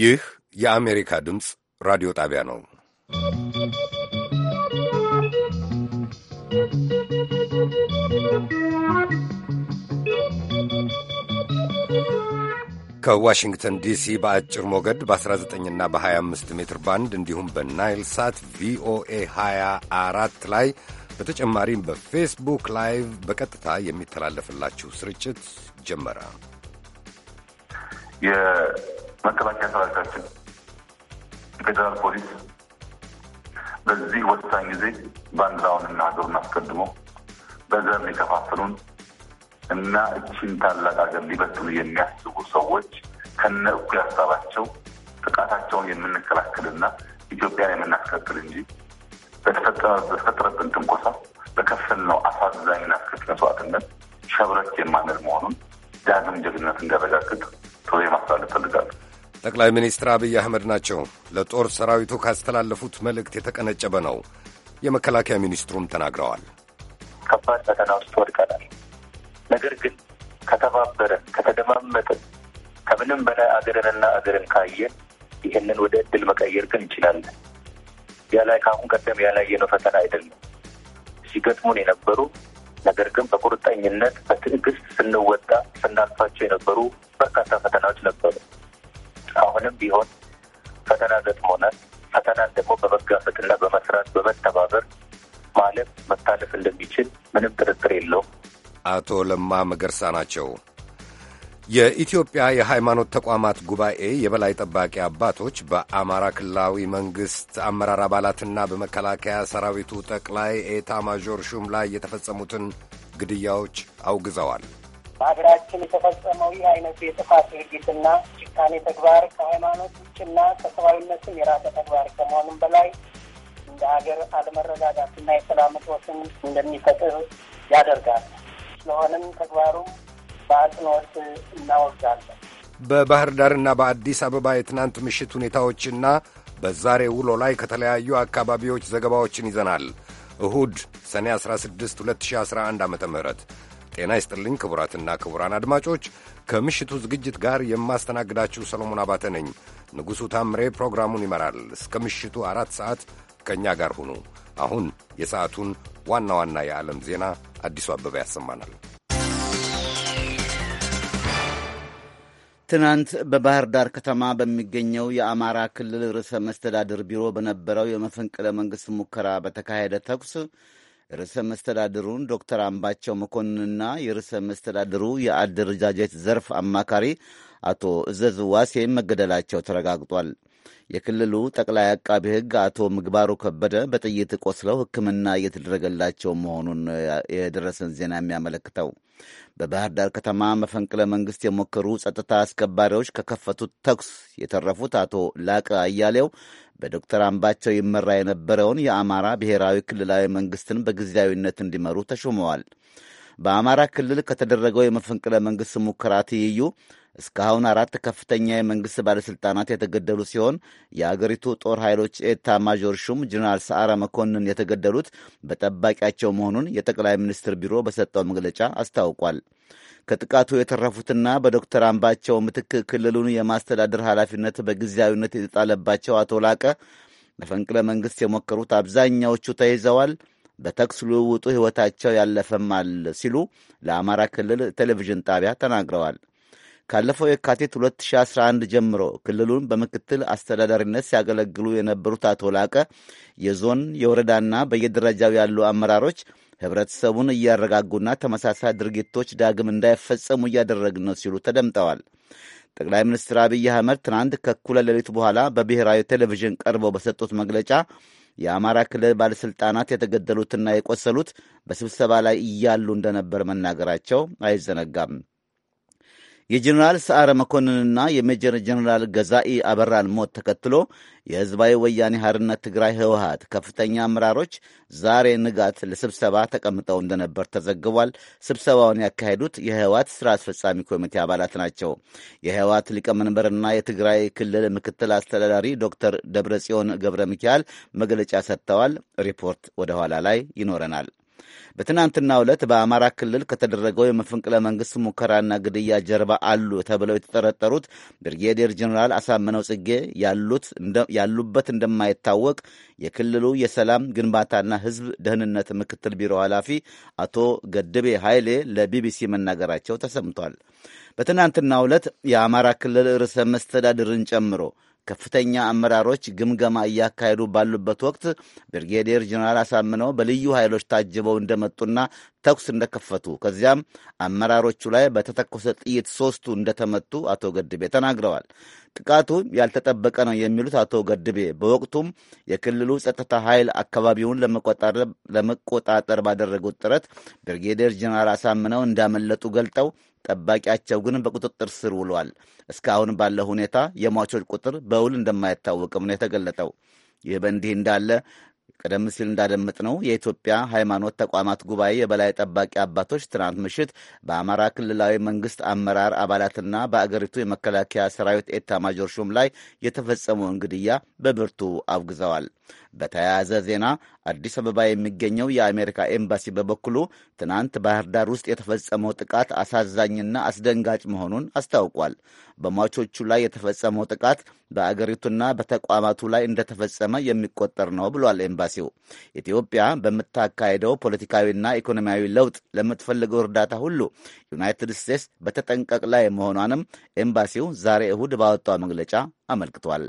ይህ የአሜሪካ ድምፅ ራዲዮ ጣቢያ ነው። ከዋሽንግተን ዲሲ በአጭር ሞገድ በ19ና በ25 ሜትር ባንድ እንዲሁም በናይል ሳት ቪኦኤ 24 ላይ በተጨማሪም በፌስቡክ ላይቭ በቀጥታ የሚተላለፍላችሁ ስርጭት ጀመረ። መከላከያ ሰራዊታችን፣ ፌዴራል ፖሊስ በዚህ ወሳኝ ጊዜ ባንዲራውንና ሀገሩን አስቀድሞ በዘር የከፋፍሉን እና እችን ታላቅ ሀገር ሊበትኑ የሚያስቡ ሰዎች ከነ እኩ ያሳባቸው ጥቃታቸውን የምንከላከልና ኢትዮጵያን የምናስከትል እንጂ በተፈጠረብን ትንኮሳ በከፈልነው አሳዛኝና አስከፊ መስዋዕትነት ሸብረክ የማንል መሆኑን ዳግም ጀግነት እንዲያረጋግጥ ቶሎ ማስተላለፍ ፈልጋለሁ። ጠቅላይ ሚኒስትር አብይ አህመድ ናቸው። ለጦር ሰራዊቱ ካስተላለፉት መልእክት የተቀነጨበ ነው። የመከላከያ ሚኒስትሩም ተናግረዋል። ከባድ ፈተና ውስጥ ወድቀናል። ነገር ግን ከተባበረን፣ ከተደማመጠን ከምንም በላይ አገርንና አገርን ካየን ይህንን ወደ እድል መቀየር ግን እንችላለን። ያ ላይ ከአሁን ቀደም ያላየነው ፈተና አይደለም። ሲገጥሙን የነበሩ ነገር ግን በቁርጠኝነት በትዕግስት ስንወጣ ስናልፋቸው የነበሩ በርካታ ፈተናዎች ነበሩ። አሁንም ቢሆን ፈተና ገጥሞናል። ፈተናን ደግሞ በመጋፈጥና በመስራት በመተባበር ማለፍ መታለፍ እንደሚችል ምንም ጥርጥር የለውም። አቶ ለማ መገርሳ ናቸው። የኢትዮጵያ የሃይማኖት ተቋማት ጉባኤ የበላይ ጠባቂ አባቶች በአማራ ክልላዊ መንግሥት አመራር አባላትና በመከላከያ ሰራዊቱ ጠቅላይ ኤታ ማዦር ሹም ላይ የተፈጸሙትን ግድያዎች አውግዘዋል። በሀገራችን የተፈጸመው ይህ አይነቱ የጥፋት ድርጊትና ጭካኔ ተግባር ከሃይማኖት ውጭና ከሰብአዊነትም የራቀ ተግባር ከመሆኑም በላይ እንደ ሀገር አለመረጋጋትና የሰላም እጦትን እንደሚፈጥር ያደርጋል። ስለሆነም ተግባሩ በአጽንኦት እናወግዛለን። በባህር ዳርና በአዲስ አበባ የትናንት ምሽት ሁኔታዎችና በዛሬ ውሎ ላይ ከተለያዩ አካባቢዎች ዘገባዎችን ይዘናል። እሁድ ሰኔ 16 2011 ዓ ም ጤና ይስጥልኝ ክቡራትና ክቡራን አድማጮች ከምሽቱ ዝግጅት ጋር የማስተናግዳችሁ ሰሎሞን አባተ ነኝ። ንጉሡ ታምሬ ፕሮግራሙን ይመራል። እስከ ምሽቱ አራት ሰዓት ከእኛ ጋር ሁኑ። አሁን የሰዓቱን ዋና ዋና የዓለም ዜና አዲሱ አበበ ያሰማናል። ትናንት በባህር ዳር ከተማ በሚገኘው የአማራ ክልል ርዕሰ መስተዳድር ቢሮ በነበረው የመፈንቅለ መንግሥት ሙከራ በተካሄደ ተኩስ ርዕሰ መስተዳድሩን ዶክተር አምባቸው መኮንንና የርዕሰ መስተዳድሩ የአደረጃጀት ዘርፍ አማካሪ አቶ እዘዝ ዋሴ መገደላቸው ተረጋግጧል። የክልሉ ጠቅላይ አቃቢ ሕግ አቶ ምግባሩ ከበደ በጥይት ቆስለው ሕክምና እየተደረገላቸው መሆኑን የደረሰን ዜና የሚያመለክተው በባህር ዳር ከተማ መፈንቅለ መንግስት የሞከሩ ጸጥታ አስከባሪዎች ከከፈቱት ተኩስ የተረፉት አቶ ላቀ አያሌው በዶክተር አምባቸው ይመራ የነበረውን የአማራ ብሔራዊ ክልላዊ መንግስትን በጊዜያዊነት እንዲመሩ ተሹመዋል። በአማራ ክልል ከተደረገው የመፈንቅለ መንግሥት ሙከራ ትይዩ እስካሁን አራት ከፍተኛ የመንግሥት ባለሥልጣናት የተገደሉ ሲሆን የአገሪቱ ጦር ኃይሎች ኤታ ማዦር ሹም ጀነራል ሰዓረ መኮንን የተገደሉት በጠባቂያቸው መሆኑን የጠቅላይ ሚኒስትር ቢሮ በሰጠው መግለጫ አስታውቋል። ከጥቃቱ የተረፉትና በዶክተር አምባቸው ምትክ ክልሉን የማስተዳደር ኃላፊነት በጊዜያዊነት የተጣለባቸው አቶ ላቀ መፈንቅለ መንግሥት የሞከሩት አብዛኛዎቹ ተይዘዋል፣ በተኩስ ልውውጡ ሕይወታቸው ያለፈማል ሲሉ ለአማራ ክልል ቴሌቪዥን ጣቢያ ተናግረዋል። ካለፈው የካቲት 2011 ጀምሮ ክልሉን በምክትል አስተዳዳሪነት ሲያገለግሉ የነበሩት አቶ ላቀ የዞን የወረዳና በየደረጃው ያሉ አመራሮች ህብረተሰቡን እያረጋጉና ተመሳሳይ ድርጊቶች ዳግም እንዳይፈጸሙ እያደረግን ነው ሲሉ ተደምጠዋል። ጠቅላይ ሚኒስትር አብይ አህመድ ትናንት ከእኩለ ሌሊት በኋላ በብሔራዊ ቴሌቪዥን ቀርበው በሰጡት መግለጫ የአማራ ክልል ባለሥልጣናት የተገደሉትና የቆሰሉት በስብሰባ ላይ እያሉ እንደነበር መናገራቸው አይዘነጋም። የጀኔራል ሰዓረ መኮንንና የሜጀር ጀኔራል ገዛኢ አበራን ሞት ተከትሎ የህዝባዊ ወያኔ ሐርነት ትግራይ ህወሀት ከፍተኛ አመራሮች ዛሬ ንጋት ለስብሰባ ተቀምጠው እንደነበር ተዘግቧል። ስብሰባውን ያካሄዱት የህወሀት ሥራ አስፈጻሚ ኮሚቴ አባላት ናቸው። የህወሀት ሊቀመንበርና የትግራይ ክልል ምክትል አስተዳዳሪ ዶክተር ደብረ ገብረ ሚካኤል መግለጫ ሰጥተዋል። ሪፖርት ወደ ኋላ ላይ ይኖረናል። በትናንትናው ዕለት በአማራ ክልል ከተደረገው የመፈንቅለ መንግስት ሙከራና ግድያ ጀርባ አሉ ተብለው የተጠረጠሩት ብርጌዴር ጀኔራል አሳምነው ጽጌ ያሉበት እንደማይታወቅ የክልሉ የሰላም ግንባታና ሕዝብ ደህንነት ምክትል ቢሮ ኃላፊ አቶ ገድቤ ኃይሌ ለቢቢሲ መናገራቸው ተሰምቷል። በትናንትናው ዕለት የአማራ ክልል ርዕሰ መስተዳድርን ጨምሮ ከፍተኛ አመራሮች ግምገማ እያካሄዱ ባሉበት ወቅት ብርጌዴር ጀኔራል አሳምነው በልዩ ኃይሎች ታጅበው እንደመጡና ተኩስ እንደከፈቱ ከዚያም አመራሮቹ ላይ በተተኮሰ ጥይት ሶስቱ እንደተመቱ አቶ ገድቤ ተናግረዋል። ጥቃቱ ያልተጠበቀ ነው የሚሉት አቶ ገድቤ በወቅቱም የክልሉ ጸጥታ ኃይል አካባቢውን ለመቆጣጠር ባደረጉት ጥረት ብርጌዴር ጀነራል አሳምነው እንዳመለጡ ገልጠው ጠባቂያቸው ግን በቁጥጥር ስር ውሏል። እስካሁን ባለው ሁኔታ የሟቾች ቁጥር በውል እንደማይታወቅም ነው የተገለጠው። ይህ በእንዲህ እንዳለ ቀደም ሲል እንዳደመጥነው የኢትዮጵያ ሃይማኖት ተቋማት ጉባኤ የበላይ ጠባቂ አባቶች ትናንት ምሽት በአማራ ክልላዊ መንግስት አመራር አባላትና በአገሪቱ የመከላከያ ሰራዊት ኤታ ማጆር ሹም ላይ የተፈጸመውን ግድያ በብርቱ አውግዘዋል። በተያያዘ ዜና አዲስ አበባ የሚገኘው የአሜሪካ ኤምባሲ በበኩሉ ትናንት ባህር ዳር ውስጥ የተፈጸመው ጥቃት አሳዛኝና አስደንጋጭ መሆኑን አስታውቋል። በሟቾቹ ላይ የተፈጸመው ጥቃት በአገሪቱና በተቋማቱ ላይ እንደተፈጸመ የሚቆጠር ነው ብሏል። ኤምባሲው ኢትዮጵያ በምታካሄደው ፖለቲካዊና ኢኮኖሚያዊ ለውጥ ለምትፈልገው እርዳታ ሁሉ ዩናይትድ ስቴትስ በተጠንቀቅ ላይ መሆኗንም ኤምባሲው ዛሬ እሁድ ባወጣው መግለጫ አመልክቷል።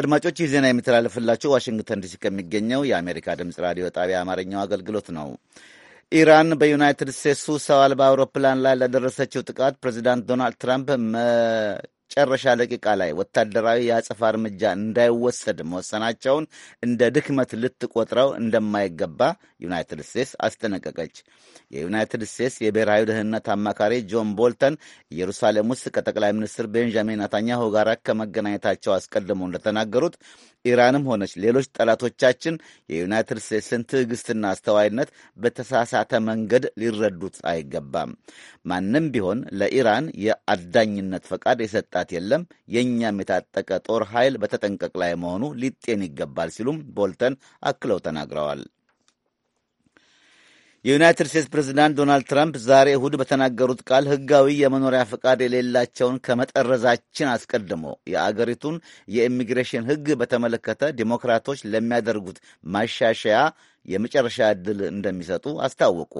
አድማጮች ይህ ዜና የሚተላለፍላቸው ዋሽንግተን ዲሲ ከሚገኘው የአሜሪካ ድምፅ ራዲዮ ጣቢያ አማርኛው አገልግሎት ነው። ኢራን በዩናይትድ ስቴትሱ ሰው አልባ አውሮፕላን ላይ ለደረሰችው ጥቃት ፕሬዚዳንት ዶናልድ ትራምፕ መጨረሻ ደቂቃ ላይ ወታደራዊ የአጸፋ እርምጃ እንዳይወሰድ መወሰናቸውን እንደ ድክመት ልትቆጥረው እንደማይገባ ዩናይትድ ስቴትስ አስጠነቀቀች። የዩናይትድ ስቴትስ የብሔራዊ ደህንነት አማካሪ ጆን ቦልተን ኢየሩሳሌም ውስጥ ከጠቅላይ ሚኒስትር ቤንጃሚን ናታኛሁ ጋር ከመገናኘታቸው አስቀድሞ እንደተናገሩት ኢራንም ሆነች ሌሎች ጠላቶቻችን የዩናይትድ ስቴትስን ትዕግስትና አስተዋይነት በተሳሳተ መንገድ ሊረዱት አይገባም። ማንም ቢሆን ለኢራን የአዳኝነት ፈቃድ የሰጣት የለም። የእኛም የታጠቀ ጦር ኃይል በተጠንቀቅ ላይ መሆኑ ሊጤን ይገባል ሲሉም ቦልተን አክለው ተናግረዋል። የዩናይትድ ስቴትስ ፕሬዚዳንት ዶናልድ ትራምፕ ዛሬ እሁድ በተናገሩት ቃል ሕጋዊ የመኖሪያ ፈቃድ የሌላቸውን ከመጠረዛችን አስቀድሞ የአገሪቱን የኢሚግሬሽን ሕግ በተመለከተ ዲሞክራቶች ለሚያደርጉት ማሻሻያ የመጨረሻ ዕድል እንደሚሰጡ አስታወቁ።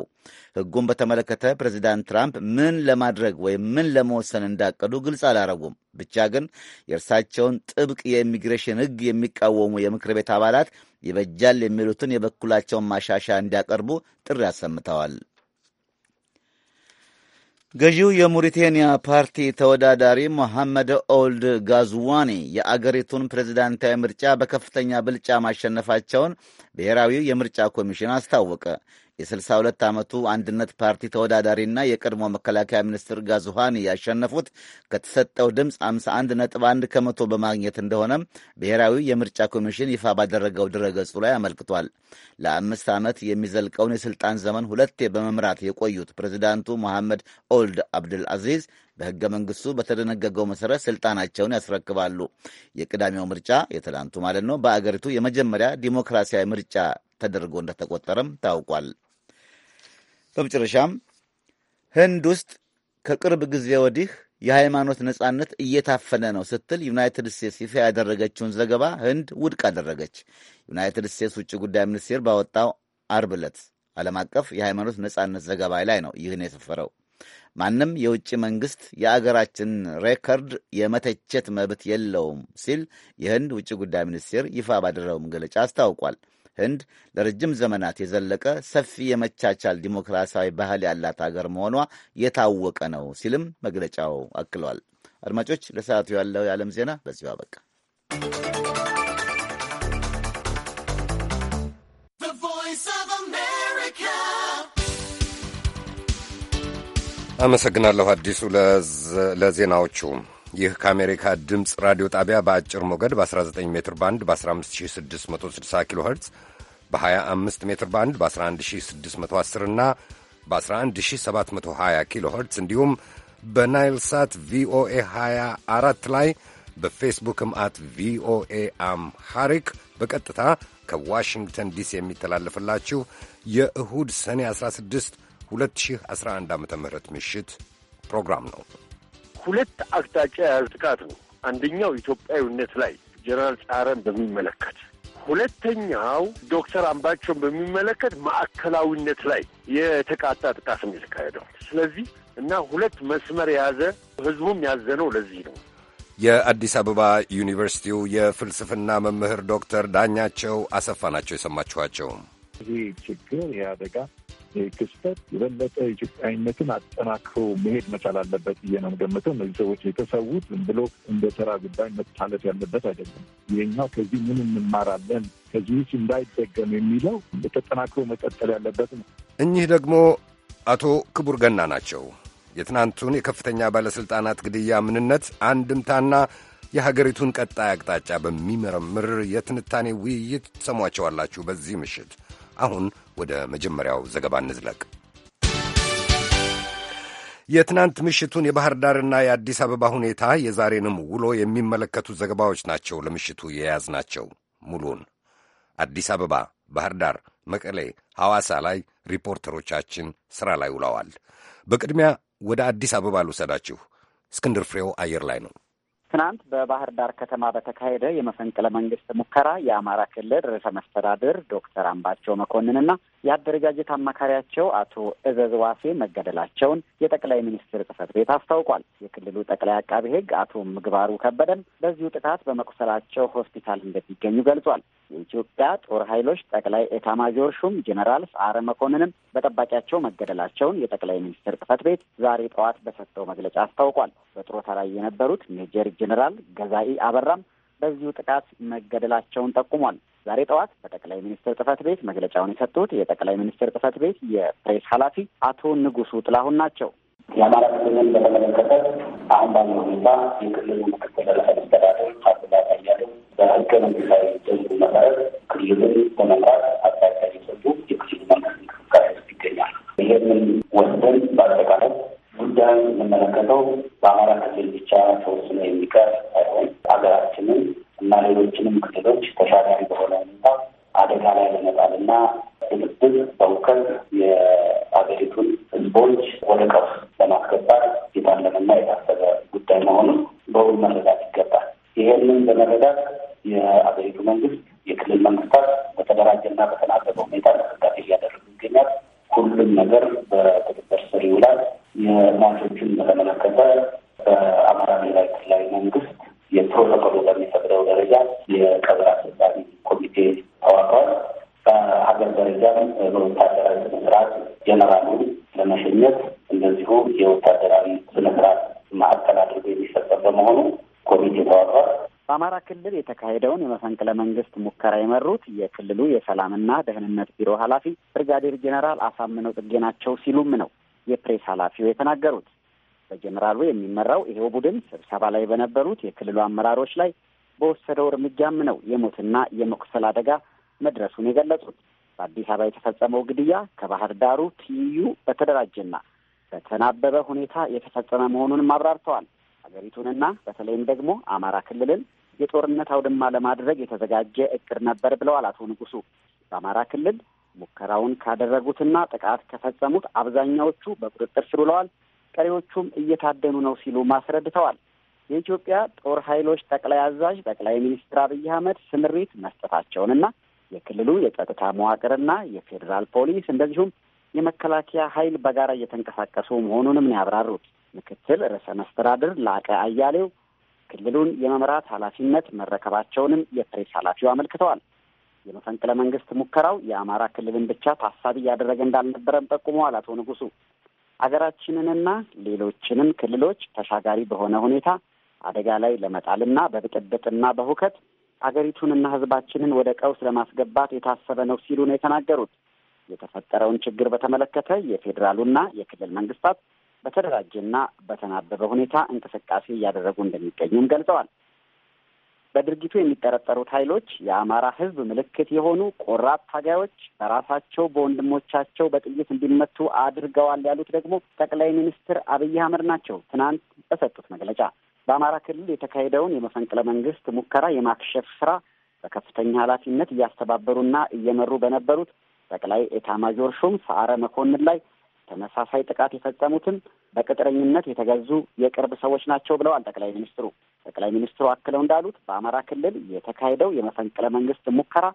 ሕጉን በተመለከተ ፕሬዚዳንት ትራምፕ ምን ለማድረግ ወይም ምን ለመወሰን እንዳቀዱ ግልጽ አላረጉም። ብቻ ግን የእርሳቸውን ጥብቅ የኢሚግሬሽን ሕግ የሚቃወሙ የምክር ቤት አባላት ይበጃል የሚሉትን የበኩላቸውን ማሻሻያ እንዲያቀርቡ ጥሪ አሰምተዋል። ገዢው የሙሪቴንያ ፓርቲ ተወዳዳሪ ሞሐመድ ኦልድ ጋዝዋኒ የአገሪቱን ፕሬዝዳንታዊ ምርጫ በከፍተኛ ብልጫ ማሸነፋቸውን ብሔራዊው የምርጫ ኮሚሽን አስታወቀ። የ62 ዓመቱ አንድነት ፓርቲ ተወዳዳሪና የቀድሞ መከላከያ ሚኒስትር ጋዙሃኒ ያሸነፉት ከተሰጠው ድምፅ 1 ከመቶ በማግኘት እንደሆነም ብሔራዊ የምርጫ ኮሚሽን ይፋ ባደረገው ድረገጹ ላይ አመልክቷል። ለአምስት ዓመት የሚዘልቀውን የሥልጣን ዘመን ሁለቴ በመምራት የቆዩት ፕሬዚዳንቱ መሐመድ ኦልድ አብድል አዚዝ በሕገ መንግሥቱ በተደነገገው መሠረት ሥልጣናቸውን ያስረክባሉ። የቅዳሜው ምርጫ የትላንቱ ማለት ነው፣ በአገሪቱ የመጀመሪያ ዲሞክራሲያዊ ምርጫ ተደርጎ እንደተቆጠረም ታውቋል። በመጨረሻም ህንድ ውስጥ ከቅርብ ጊዜ ወዲህ የሃይማኖት ነጻነት እየታፈነ ነው ስትል ዩናይትድ ስቴትስ ይፋ ያደረገችውን ዘገባ ህንድ ውድቅ አደረገች። ዩናይትድ ስቴትስ ውጭ ጉዳይ ሚኒስቴር ባወጣው አርብ ዕለት ዓለም አቀፍ የሃይማኖት ነጻነት ዘገባ ላይ ነው ይህን የሰፈረው። ማንም የውጭ መንግስት የአገራችን ሬከርድ የመተቸት መብት የለውም ሲል የህንድ ውጭ ጉዳይ ሚኒስቴር ይፋ ባደረገው መግለጫ አስታውቋል። ህንድ ለረጅም ዘመናት የዘለቀ ሰፊ የመቻቻል ዲሞክራሲያዊ ባህል ያላት አገር መሆኗ የታወቀ ነው ሲልም መግለጫው አክሏል። አድማጮች፣ ለሰዓቱ ያለው የዓለም ዜና በዚሁ አበቃ። አመሰግናለሁ አዲሱ ለዜናዎቹ። ይህ ከአሜሪካ ድምፅ ራዲዮ ጣቢያ በአጭር ሞገድ በ19 ሜትር ባንድ በ15660 ኪሎ ኸርትዝ በ25 ሜትር ባንድ በ11610 እና በ11720 ኪሎ ኸርትዝ እንዲሁም በናይል ሳት ቪኦኤ 24 ላይ በፌስቡክም አት ቪኦኤ አምሃሪክ በቀጥታ ከዋሽንግተን ዲሲ የሚተላለፍላችሁ የእሁድ ሰኔ 16 2011 ዓ ም ምሽት ፕሮግራም ነው። ሁለት አቅጣጫ የያዘ ጥቃት ነው። አንደኛው ኢትዮጵያዊነት ላይ ጀነራል ጻረን በሚመለከት ሁለተኛው ዶክተር አምባቸውን በሚመለከት ማዕከላዊነት ላይ የተቃጣ ጥቃት ነው የተካሄደው። ስለዚህ እና ሁለት መስመር የያዘ ህዝቡም ያዘነው ለዚህ ነው። የአዲስ አበባ ዩኒቨርሲቲው የፍልስፍና መምህር ዶክተር ዳኛቸው አሰፋ ናቸው የሰማችኋቸው። ይህ ችግር ይህ አደጋ ይህ ክስተት የበለጠ ኢትዮጵያዊነትን አጠናክሮ መሄድ መቻል አለበት ብዬ ነው የምገምተው። እነዚህ ሰዎች የተሰዉት ዝም ብሎ እንደ ተራ ጉዳይ መታለፍ ያለበት አይደለም። ይሄኛው ከዚህ ምን እንማራለን ከዚህ ውጭ እንዳይደገም የሚለው ተጠናክሮ መቀጠል ያለበት ነው። እኚህ ደግሞ አቶ ክቡር ገና ናቸው። የትናንቱን የከፍተኛ ባለሥልጣናት ግድያ ምንነት አንድምታና የሀገሪቱን ቀጣይ አቅጣጫ በሚመረምር የትንታኔ ውይይት ሰሟቸዋላችሁ በዚህ ምሽት አሁን ወደ መጀመሪያው ዘገባ እንዝለቅ። የትናንት ምሽቱን የባህር ዳርና የአዲስ አበባ ሁኔታ የዛሬንም ውሎ የሚመለከቱ ዘገባዎች ናቸው ለምሽቱ የያዝናቸው። ሙሉን አዲስ አበባ፣ ባህር ዳር፣ መቀሌ፣ ሐዋሳ ላይ ሪፖርተሮቻችን ሥራ ላይ ውለዋል። በቅድሚያ ወደ አዲስ አበባ ልውሰዳችሁ። እስክንድር ፍሬው አየር ላይ ነው። ትናንት በባህር ዳር ከተማ በተካሄደ የመፈንቅለ መንግስት ሙከራ የአማራ ክልል ርዕሰ መስተዳድር ዶክተር አምባቸው መኮንንና የአደረጃጀት አማካሪያቸው አቶ እዘዝ ዋሴ መገደላቸውን የጠቅላይ ሚኒስትር ጽህፈት ቤት አስታውቋል። የክልሉ ጠቅላይ አቃቤ ሕግ አቶ ምግባሩ ከበደም በዚሁ ጥቃት በመቁሰላቸው ሆስፒታል እንደሚገኙ ገልጿል። የኢትዮጵያ ጦር ኃይሎች ጠቅላይ ኤታማዦር ሹም ጄኔራል ሰዓረ መኮንንም በጠባቂያቸው መገደላቸውን የጠቅላይ ሚኒስትር ጽህፈት ቤት ዛሬ ጠዋት በሰጠው መግለጫ አስታውቋል። በጥሮታ ላይ የነበሩት ሜጀር ጄኔራል ገዛኢ አበራም በዚሁ ጥቃት መገደላቸውን ጠቁሟል። ዛሬ ጠዋት በጠቅላይ ሚኒስትር ጽህፈት ቤት መግለጫውን የሰጡት የጠቅላይ ሚኒስትር ጽህፈት ቤት የፕሬስ ኃላፊ አቶ ንጉሱ ጥላሁን ናቸው። የአማራ ክልልን በተመለከተ አሁን ባለው ሁኔታ የክልሉ ምክትል ርዕሰ መስተዳድር አሉላ በህገ መንግስታዊ ደንቡ መሰረት ክልልን በመምራት አቅጣጫ የሰጡ የክልሉ መንግስት እንቅስቃሴ ውስጥ ይገኛል። ይህንን ወስደን በአጠቃላይ ጉዳዩ የምንመለከተው በአማራ ክልል ብቻ ተወስኖ የሚቀር አይሆን ሀገራችንን እና ሌሎችንም ክልሎች ተሻጋሪ በሆነ ሁኔታ አደጋ ላይ ለመጣልና ድብድብ በውከል የሀገሪቱን ህዝቦች ወደ ቀውስ ለማስገባት የታለመና የታሰበ ጉዳይ መሆኑን በውል መረዳት ይገባል። ይሄንን በመረዳት የአገሪቱ መንግስት፣ የክልል መንግስታት በተደራጀና በተናበበ ሁኔታ እንቅስቃሴ እያደረጉ ይገኛል። ሁሉም ነገር በቁጥጥር ስር ይውላል። የሟቾችን በተመለከተ በአማራ ብሔራዊ ክልላዊ መንግስት የፕሮቶኮሉ በሚፈቅደው ደረጃ የቀብር አስፈጻሚ ኮሚቴ ተዋቅሯል። በሀገር ደረጃም በወታደራዊ ስነስርዓት ጀነራሉን ለመሸኘት እንደዚሁ የወታደራዊ ስነስርዓት ማዕከል አድርጎ የሚሰጠት በመሆኑ ኮሚቴ ተዋቅሯል። በአማራ ክልል የተካሄደውን የመፈንቅለ መንግስት ሙከራ የመሩት የክልሉ የሰላምና ደህንነት ቢሮ ኃላፊ ብርጋዴር ጄኔራል አሳምነው ጽጌ ናቸው ሲሉም ነው የፕሬስ ኃላፊው የተናገሩት። በጀኔራሉ የሚመራው ይሄው ቡድን ስብሰባ ላይ በነበሩት የክልሉ አመራሮች ላይ በወሰደው እርምጃም ነው የሞትና የመቁሰል አደጋ መድረሱን የገለጹት። በአዲስ አበባ የተፈጸመው ግድያ ከባህር ዳሩ ትይዩ በተደራጀና በተናበበ ሁኔታ የተፈጸመ መሆኑንም አብራርተዋል። ሀገሪቱንና በተለይም ደግሞ አማራ ክልልን የጦርነት አውድማ ለማድረግ የተዘጋጀ እቅድ ነበር ብለዋል አቶ ንጉሱ። በአማራ ክልል ሙከራውን ካደረጉትና ጥቃት ከፈጸሙት አብዛኛዎቹ በቁጥጥር ስር ውለዋል፣ ቀሪዎቹም እየታደኑ ነው ሲሉ አስረድተዋል። የኢትዮጵያ ጦር ኃይሎች ጠቅላይ አዛዥ ጠቅላይ ሚኒስትር አብይ አህመድ ስምሪት መስጠታቸውንና የክልሉ የጸጥታ መዋቅርና የፌዴራል ፖሊስ እንደዚሁም የመከላከያ ኃይል በጋራ እየተንቀሳቀሱ መሆኑንም ነው ያብራሩት። ምክትል ርዕሰ መስተዳድር ላቀ አያሌው ክልሉን የመምራት ኃላፊነት መረከባቸውንም የፕሬስ ኃላፊው አመልክተዋል። የመፈንቅለ መንግስት ሙከራው የአማራ ክልልን ብቻ ታሳቢ እያደረገ እንዳልነበረም ጠቁመዋል አቶ ንጉሱ። አገራችንንና ሌሎችንም ክልሎች ተሻጋሪ በሆነ ሁኔታ አደጋ ላይ ለመጣልና በብጥብጥና በሁከት አገሪቱንና ህዝባችንን ወደ ቀውስ ለማስገባት የታሰበ ነው ሲሉ ነው የተናገሩት። የተፈጠረውን ችግር በተመለከተ የፌዴራሉና የክልል መንግስታት በተደራጀና በተናበበ ሁኔታ እንቅስቃሴ እያደረጉ እንደሚገኙም ገልጸዋል። በድርጊቱ የሚጠረጠሩት ኃይሎች የአማራ ሕዝብ ምልክት የሆኑ ቆራጥ ታጋዮች በራሳቸው በወንድሞቻቸው በጥይት እንዲመቱ አድርገዋል ያሉት ደግሞ ጠቅላይ ሚኒስትር አብይ አህመድ ናቸው። ትናንት በሰጡት መግለጫ በአማራ ክልል የተካሄደውን የመፈንቅለ መንግስት ሙከራ የማክሸፍ ስራ በከፍተኛ ኃላፊነት እያስተባበሩና እየመሩ በነበሩት ጠቅላይ ኤታማዦር ሹም ሰዓረ መኮንን ላይ ተመሳሳይ ጥቃት የፈጸሙትም በቅጥረኝነት የተገዙ የቅርብ ሰዎች ናቸው ብለዋል ጠቅላይ ሚኒስትሩ። ጠቅላይ ሚኒስትሩ አክለው እንዳሉት በአማራ ክልል የተካሄደው የመፈንቅለ መንግስት ሙከራ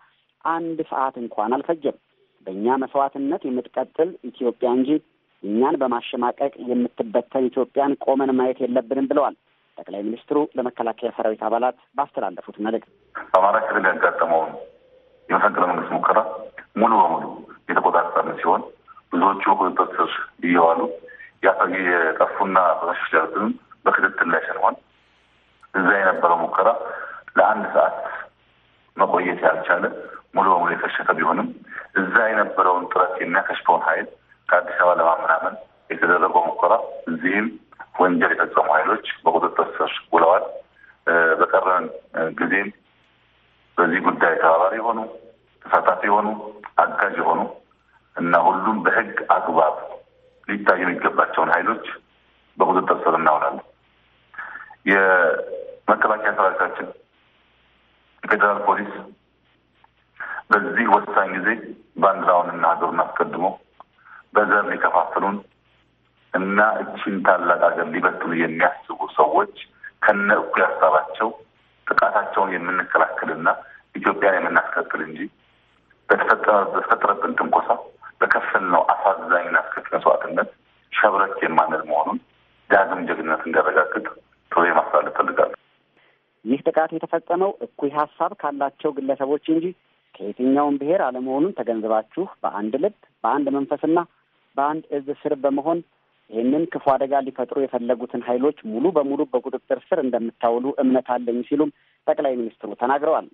አንድ ሰዓት እንኳን አልፈጀም። በእኛ መስዋዕትነት የምትቀጥል ኢትዮጵያ እንጂ እኛን በማሸማቀቅ የምትበተን ኢትዮጵያን ቆመን ማየት የለብንም ብለዋል። ጠቅላይ ሚኒስትሩ ለመከላከያ ሰራዊት አባላት ባስተላለፉት መልእክት በአማራ ክልል ያጋጠመውን የመፈንቅለ መንግስት ሙከራ ሙሉ በሙሉ የተቆጣጠርን ሲሆን ብዙዎቹ ቁጥጥር ስር እየዋሉ የጠፉና በመሸሽ በክትትል ላይ ስንሆን እዛ የነበረው ሙከራ ለአንድ ሰዓት መቆየት ያልቻለ ሙሉ በሙሉ የከሸፈ ቢሆንም እዛ የነበረውን ጥረት የሚያከሽፈውን ኃይል ከአዲስ አበባ ለማመናመን የተደረገው ሙከራ እዚህም ወንጀል የፈጸሙ ኃይሎች በቁጥጥር ስር ውለዋል። በቀረን ጊዜም በዚህ ጉዳይ ተባባሪ የሆኑ ተሳታፊ የሆኑ አጋዥ የሆኑ እና ሁሉም በህግ አግባብ ሊታዩ የሚገባቸውን ኃይሎች በቁጥጥር ስር እናውላለን። የመከላከያ ሰራዊታችን፣ ፌዴራል ፖሊስ በዚህ ወሳኝ ጊዜ ባንዲራውንና ሀገሩን አስቀድሞ በዘር ሊከፋፍሉን እና እቺን ታላቅ ሀገር ሊበትኑ የሚያስቡ ሰዎች ከነ እኩል ሀሳባቸው ጥቃታቸውን የምንከላከልና ኢትዮጵያን የምናስከትል እንጂ በተፈጠረብን ትንኮሳ በከፈልነው አሳዛኝ ናፍቀት መስዋዕትነት ሸብረክ የማንል መሆኑን ዳግም ጀግነት እንዲያረጋግጥ ጥሪ ማስተላለፍ ፈልጋለሁ። ይህ ጥቃት የተፈጸመው እኩይ ሀሳብ ካላቸው ግለሰቦች እንጂ ከየትኛውም ብሔር አለመሆኑን ተገንዝባችሁ በአንድ ልብ በአንድ መንፈስና በአንድ እዝ ስር በመሆን ይህንን ክፉ አደጋ ሊፈጥሩ የፈለጉትን ኃይሎች ሙሉ በሙሉ በቁጥጥር ስር እንደምታውሉ እምነት አለኝ ሲሉም ጠቅላይ ሚኒስትሩ ተናግረዋል።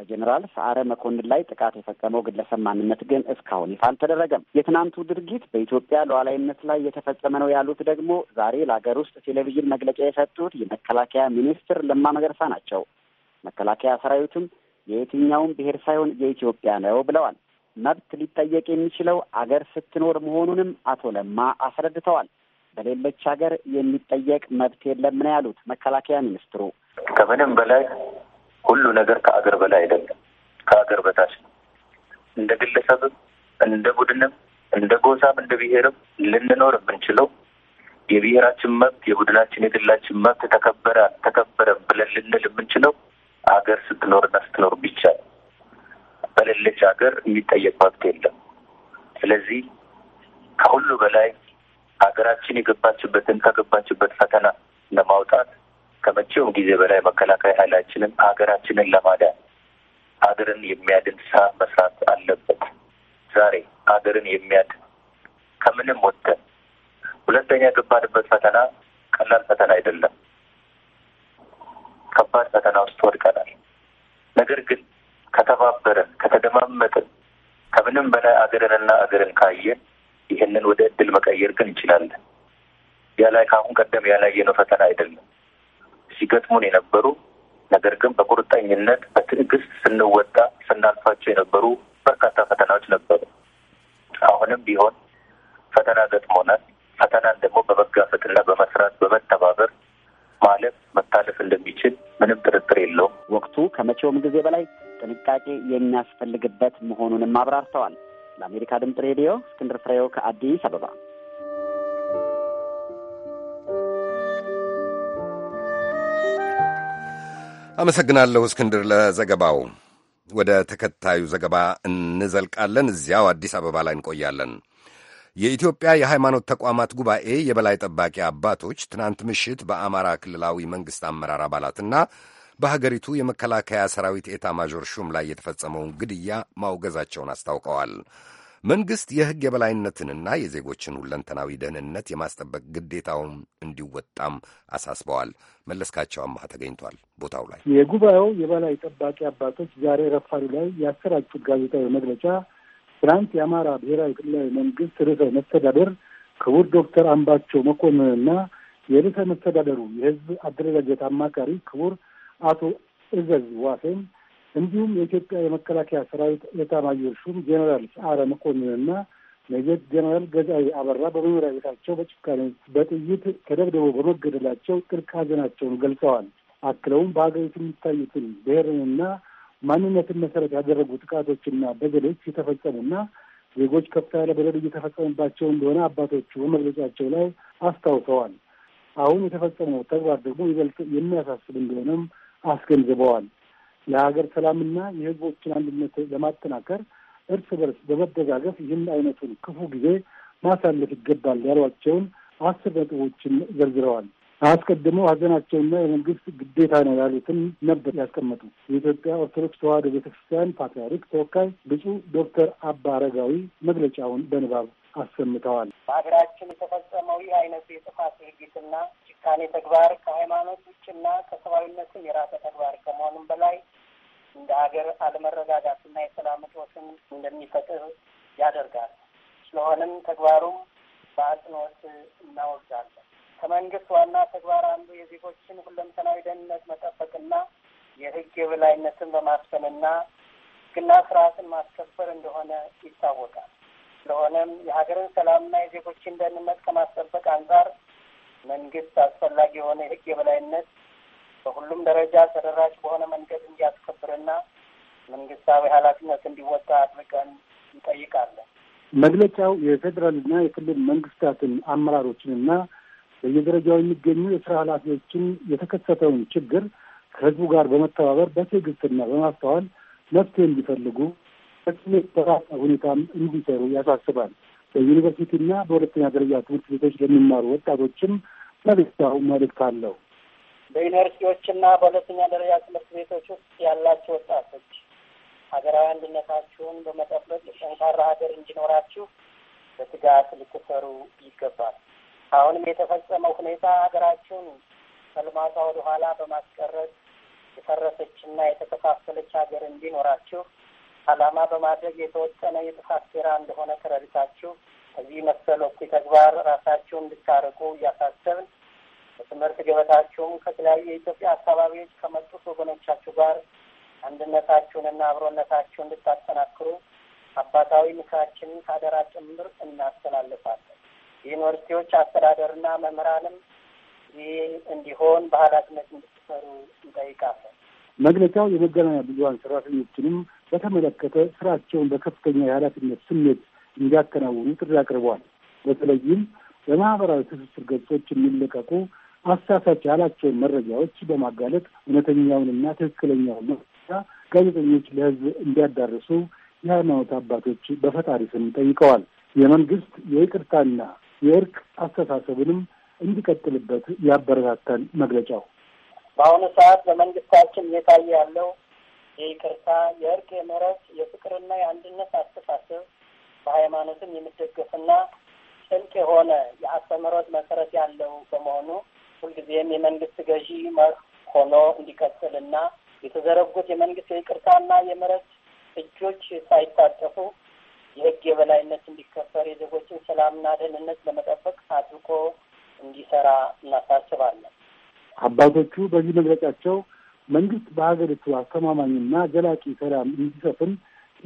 በጀኔራል ሰዓረ መኮንን ላይ ጥቃት የፈጸመው ግለሰብ ማንነት ግን እስካሁን ይፋ አልተደረገም። የትናንቱ ድርጊት በኢትዮጵያ ሉዓላዊነት ላይ የተፈጸመ ነው ያሉት ደግሞ ዛሬ ለሀገር ውስጥ ቴሌቪዥን መግለጫ የሰጡት የመከላከያ ሚኒስትር ለማ መገርሳ ናቸው። መከላከያ ሰራዊቱም የየትኛውም ብሔር ሳይሆን የኢትዮጵያ ነው ብለዋል። መብት ሊጠየቅ የሚችለው አገር ስትኖር መሆኑንም አቶ ለማ አስረድተዋል። በሌለች ሀገር የሚጠየቅ መብት የለም ነው ያሉት መከላከያ ሚኒስትሩ ከምንም በላይ ሁሉ ነገር ከአገር በላይ አይደለም፣ ከአገር በታች ነው። እንደ ግለሰብም እንደ ቡድንም እንደ ጎሳም እንደ ብሔርም ልንኖር የምንችለው የብሔራችን መብት የቡድናችን የግላችን መብት ተከበረ ተከበረ ብለን ልንል የምንችለው አገር ስትኖርና ስትኖር ብቻ ነው። በሌለች ሀገር የሚጠየቅ መብት የለም። ስለዚህ ከሁሉ በላይ ሀገራችን የገባችበትን ከገባችበት ፈተና ለማውጣት ከመቼውም ጊዜ በላይ መከላከያ ኃይላችንን ሀገራችንን ለማዳን ሀገርን የሚያድን ስራ መስራት አለበት። ዛሬ ሀገርን የሚያድን ከምንም ወጥተን ሁለተኛ የገባንበት ፈተና ቀላል ፈተና አይደለም። ከባድ ፈተና ውስጥ ወድቀናል። ነገር ግን ከተባበረን፣ ከተደማመጥን፣ ከምንም በላይ አገርንና አገርን ካየን ይህንን ወደ እድል መቀየር ግን እንችላለን። ያ ላይ ከአሁን ቀደም ያላየነው ፈተና አይደለም። ሲገጥሙን የነበሩ ነገር ግን በቁርጠኝነት በትዕግስት ስንወጣ ስናልፋቸው የነበሩ በርካታ ፈተናዎች ነበሩ። አሁንም ቢሆን ፈተና ገጥሞናል። ፈተናን ደግሞ በመጋፈጥና በመስራት በመተባበር ማለፍ መታለፍ እንደሚችል ምንም ጥርጥር የለውም። ወቅቱ ከመቼውም ጊዜ በላይ ጥንቃቄ የሚያስፈልግበት መሆኑንም አብራርተዋል። ለአሜሪካ ድምፅ ሬዲዮ እስክንድር ፍሬው ከአዲስ አበባ አመሰግናለሁ እስክንድር ለዘገባው። ወደ ተከታዩ ዘገባ እንዘልቃለን። እዚያው አዲስ አበባ ላይ እንቆያለን። የኢትዮጵያ የሃይማኖት ተቋማት ጉባኤ የበላይ ጠባቂ አባቶች ትናንት ምሽት በአማራ ክልላዊ መንግሥት አመራር አባላትና በሀገሪቱ የመከላከያ ሰራዊት ኤታ ማዦር ሹም ላይ የተፈጸመውን ግድያ ማውገዛቸውን አስታውቀዋል። መንግሥት የሕግ የበላይነትንና የዜጎችን ሁለንተናዊ ደህንነት የማስጠበቅ ግዴታውን እንዲወጣም አሳስበዋል። መለስካቸው አማሃ ተገኝቷል ቦታው ላይ። የጉባኤው የበላይ ጠባቂ አባቶች ዛሬ ረፋዱ ላይ ያሰራጩት ጋዜጣዊ መግለጫ ትናንት የአማራ ብሔራዊ ክልላዊ መንግስት ርዕሰ መስተዳደር ክቡር ዶክተር አምባቸው መኮንንና የርዕሰ መስተዳደሩ የህዝብ አደረጃጀት አማካሪ ክቡር አቶ እዘዝ ዋሴን እንዲሁም የኢትዮጵያ የመከላከያ ሰራዊት ኤታማዦር ሹም ጄኔራል ሰዓረ መኮንንና ሜጀር ጄኔራል ገዛይ አበራ በመኖሪያ ቤታቸው በጭካኔ በጥይት ተደብድበው በመገደላቸው ጥልቅ ሐዘናቸውን ገልጸዋል። አክለውም በሀገሪቱ የሚታዩትን ብሔርንና ማንነትን መሰረት ያደረጉ ጥቃቶችና በደሎች የተፈጸሙና ዜጎች ከፍታ ያለ በደል እየተፈጸመባቸው እንደሆነ አባቶቹ በመግለጫቸው ላይ አስታውሰዋል። አሁን የተፈጸመው ተግባር ደግሞ ይበልጥ የሚያሳስብ እንደሆነም አስገንዝበዋል። ለሀገር ሰላምና የህዝቦችን አንድነት ለማጠናከር እርስ በርስ በመደጋገፍ ይህን አይነቱን ክፉ ጊዜ ማሳለፍ ይገባል ያሏቸውን አስር ነጥቦችን ዘርዝረዋል። አስቀድመው ሀዘናቸውና የመንግስት ግዴታ ነው ያሉትን ነበር ያስቀመጡ። የኢትዮጵያ ኦርቶዶክስ ተዋሕዶ ቤተክርስቲያን ፓትርያርክ ተወካይ ብፁዕ ዶክተር አባ አረጋዊ መግለጫውን በንባብ አሰምተዋል። በሀገራችን የተፈጸመው ይህ አይነቱ የጥፋት ድርጊትና ጭካኔ ተግባር ከሃይማኖት ውጭና ከሰብአዊነትም የራቀ ተግባር ከመሆኑም በላይ እንደ ሀገር አለመረጋጋትና የሰላም እጦትን እንደሚፈጥር ያደርጋል። ስለሆነም ተግባሩም በአጽንኦት እናወግዛለን። ከመንግስት ዋና ተግባር አንዱ የዜጎችን ሁለንተናዊ ደህንነት መጠበቅና የህግ የበላይነትን በማስፈንና ሕግና ስርዓትን ማስከበር እንደሆነ ይታወቃል። ስለሆነም የሀገርን ሰላምና የዜጎችን ደህንነት ከማስጠበቅ አንጻር መንግስት አስፈላጊ የሆነ የህግ የበላይነት በሁሉም ደረጃ ተደራጅ በሆነ መንገድ እንዲያስከብርና መንግስታዊ ኃላፊነት እንዲወጣ አድርገን እንጠይቃለን። መግለጫው የፌዴራልና የክልል መንግስታትን አመራሮችንና በየደረጃው የሚገኙ የስራ ኃላፊዎችን የተከሰተውን ችግር ከህዝቡ ጋር በመተባበር በትዕግስትና በማስተዋል መፍትሄ እንዲፈልጉ ፈጽሞ በራሳ ሁኔታም እንዲሰሩ ያሳስባል። በዩኒቨርሲቲና በሁለተኛ ደረጃ ትምህርት ቤቶች ለሚማሩ ወጣቶችም መልእክታው መልእክት አለው። በዩኒቨርሲቲዎችና በሁለተኛ ደረጃ ትምህርት ቤቶች ውስጥ ያላችሁ ወጣቶች ሀገራዊ አንድነታችሁን በመጠበቅ ጠንካራ ሀገር እንዲኖራችሁ በትጋት ልትሰሩ ይገባል። አሁንም የተፈጸመው ሁኔታ ሀገራችሁን ከልማቷ ወደኋላ በማስቀረት የፈረሰችና የተከፋፈለች ሀገር እንዲኖራችሁ ዓላማ በማድረግ የተወሰነ የጥፋት ሴራ እንደሆነ ተረድታችሁ ከዚህ መሰል እኩይ ተግባር ራሳችሁ እንድታርቁ እያሳሰብን በትምህርት ገበታችሁም ከተለያዩ የኢትዮጵያ አካባቢዎች ከመጡት ወገኖቻችሁ ጋር አንድነታችሁንና አብሮነታችሁ እንድታጠናክሩ አባታዊ ምክራችንን ከአደራ ጭምር እናስተላልፋለን። የዩኒቨርሲቲዎች አስተዳደርና መምህራንም ይህ እንዲሆን በኃላፊነት እንድትሰሩ እንጠይቃለን። መግለጫው የመገናኛ ብዙኃን ሰራተኞችንም በተመለከተ ስራቸውን በከፍተኛ የኃላፊነት ስሜት እንዲያከናውኑ ጥሪ አቅርበዋል። በተለይም በማህበራዊ ትስስር ገጾች የሚለቀቁ አሳሳች ያላቸውን መረጃዎች በማጋለጥ እውነተኛውንና ትክክለኛውን መረጃ ጋዜጠኞች ለህዝብ እንዲያዳርሱ የሃይማኖት አባቶች በፈጣሪ ስም ጠይቀዋል። የመንግስት የይቅርታና የእርቅ አስተሳሰብንም እንዲቀጥልበት ያበረታታል መግለጫው። በአሁኑ ሰዓት በመንግስታችን እየታየ ያለው የይቅርታ፣ የእርቅ፣ የምህረት፣ የፍቅርና የአንድነት አስተሳሰብ በሃይማኖትም የሚደገፍና ጥልቅ የሆነ የአስተምህሮት መሰረት ያለው በመሆኑ ሁልጊዜም የመንግስት ገዢ መርህ ሆኖ እንዲቀጥልና የተዘረጉት የመንግስት የይቅርታና የምህረት እጆች ሳይታጠፉ የህግ የበላይነት እንዲከበር የዜጎችን ሰላምና ደህንነት ለመጠበቅ አድርጎ እንዲሰራ እናሳስባለን። አባቶቹ በዚህ መግለጫቸው መንግስት በሀገሪቱ አስተማማኝና ዘላቂ ሰላም እንዲሰፍን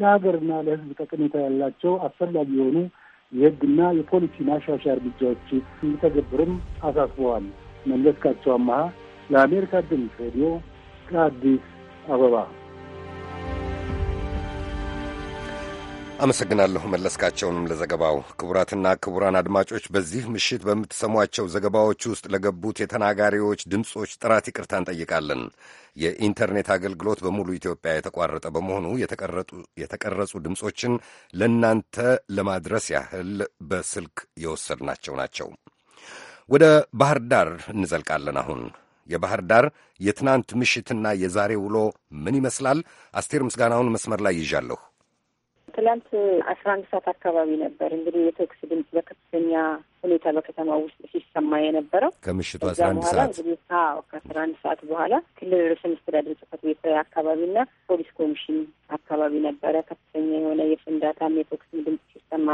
ለሀገርና ለሕዝብ ጠቀሜታ ያላቸው አስፈላጊ የሆኑ የህግና የፖሊሲ ማሻሻያ እርምጃዎች እንዲተገብርም አሳስበዋል። መለስካቸው አማሃ ለአሜሪካ ድምፅ ሬዲዮ ከአዲስ አበባ አመሰግናለሁ መለስካቸውንም ለዘገባው። ክቡራትና ክቡራን አድማጮች በዚህ ምሽት በምትሰሟቸው ዘገባዎች ውስጥ ለገቡት የተናጋሪዎች ድምፆች ጥራት ይቅርታ እንጠይቃለን። የኢንተርኔት አገልግሎት በሙሉ ኢትዮጵያ የተቋረጠ በመሆኑ የተቀረጹ ድምፆችን ለእናንተ ለማድረስ ያህል በስልክ የወሰድናቸው ናቸው። ወደ ባህር ዳር እንዘልቃለን። አሁን የባህር ዳር የትናንት ምሽትና የዛሬ ውሎ ምን ይመስላል? አስቴር ምስጋናውን መስመር ላይ ይዣለሁ። ትላንት አስራ አንድ ሰዓት አካባቢ ነበር እንግዲህ የተኩስ ድምጽ በከፍተኛ ሁኔታ በከተማ ውስጥ ሲሰማ የነበረው ከምሽቱ አስራ አንድ ሰዓት ከአስራ አንድ ሰዓት በኋላ ክልል ርዕሰ መስተዳድር ጽሕፈት ቤት አካባቢና ፖሊስ ኮሚሽን አካባቢ ነበረ ከፍተኛ የሆነ የፍንዳታም የተኩስም ድምጽ ሲሰማ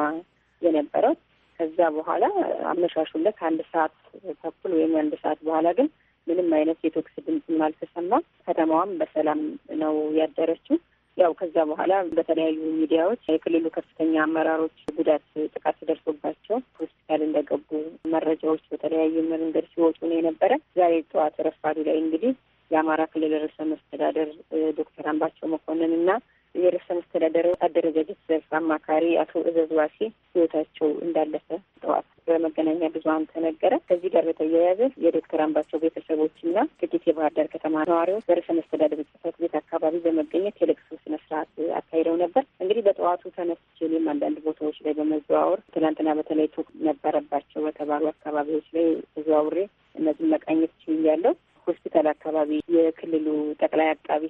የነበረው። ከዛ በኋላ አመሻሹን ላይ ከአንድ ሰዓት ተኩል ወይም አንድ ሰዓት በኋላ ግን ምንም አይነት የተኩስ ድምጽም አልተሰማም። ከተማዋም በሰላም ነው ያደረችው። ያው ከዛ በኋላ በተለያዩ ሚዲያዎች የክልሉ ከፍተኛ አመራሮች ጉዳት ጥቃት ደርሶባቸው ሆስፒታል እንደገቡ መረጃዎች በተለያየ መንገድ ሲወጡ ነው የነበረ። ዛሬ ጠዋት ረፋዱ ላይ እንግዲህ የአማራ ክልል ርዕሰ መስተዳደር ዶክተር አምባቸው መኮንን እና የርዕሰ መስተዳደር አደረጃጀት ዘርፍ አማካሪ አቶ እዘዝ ዋሴ ህይወታቸው እንዳለፈ ጠዋት በመገናኛ ብዙኃን ተነገረ። ከዚህ ጋር በተያያዘ የዶክተር አምባቸው ቤተሰቦችና ጥቂት የባህር ዳር ከተማ ነዋሪዎች በርዕሰ መስተዳደር ጽሕፈት ቤት አካባቢ በመገኘት የልቅ ሄደው ነበር። እንግዲህ በጠዋቱ ተነስቼ እኔም አንዳንድ ቦታዎች ላይ በመዘዋወር ትላንትና በተለይ ቶክ ነበረባቸው በተባሉ አካባቢዎች ላይ ተዘዋውሬ እነዚህን መቃኘት ችያለሁ። ሆስፒታል አካባቢ የክልሉ ጠቅላይ አቃቢ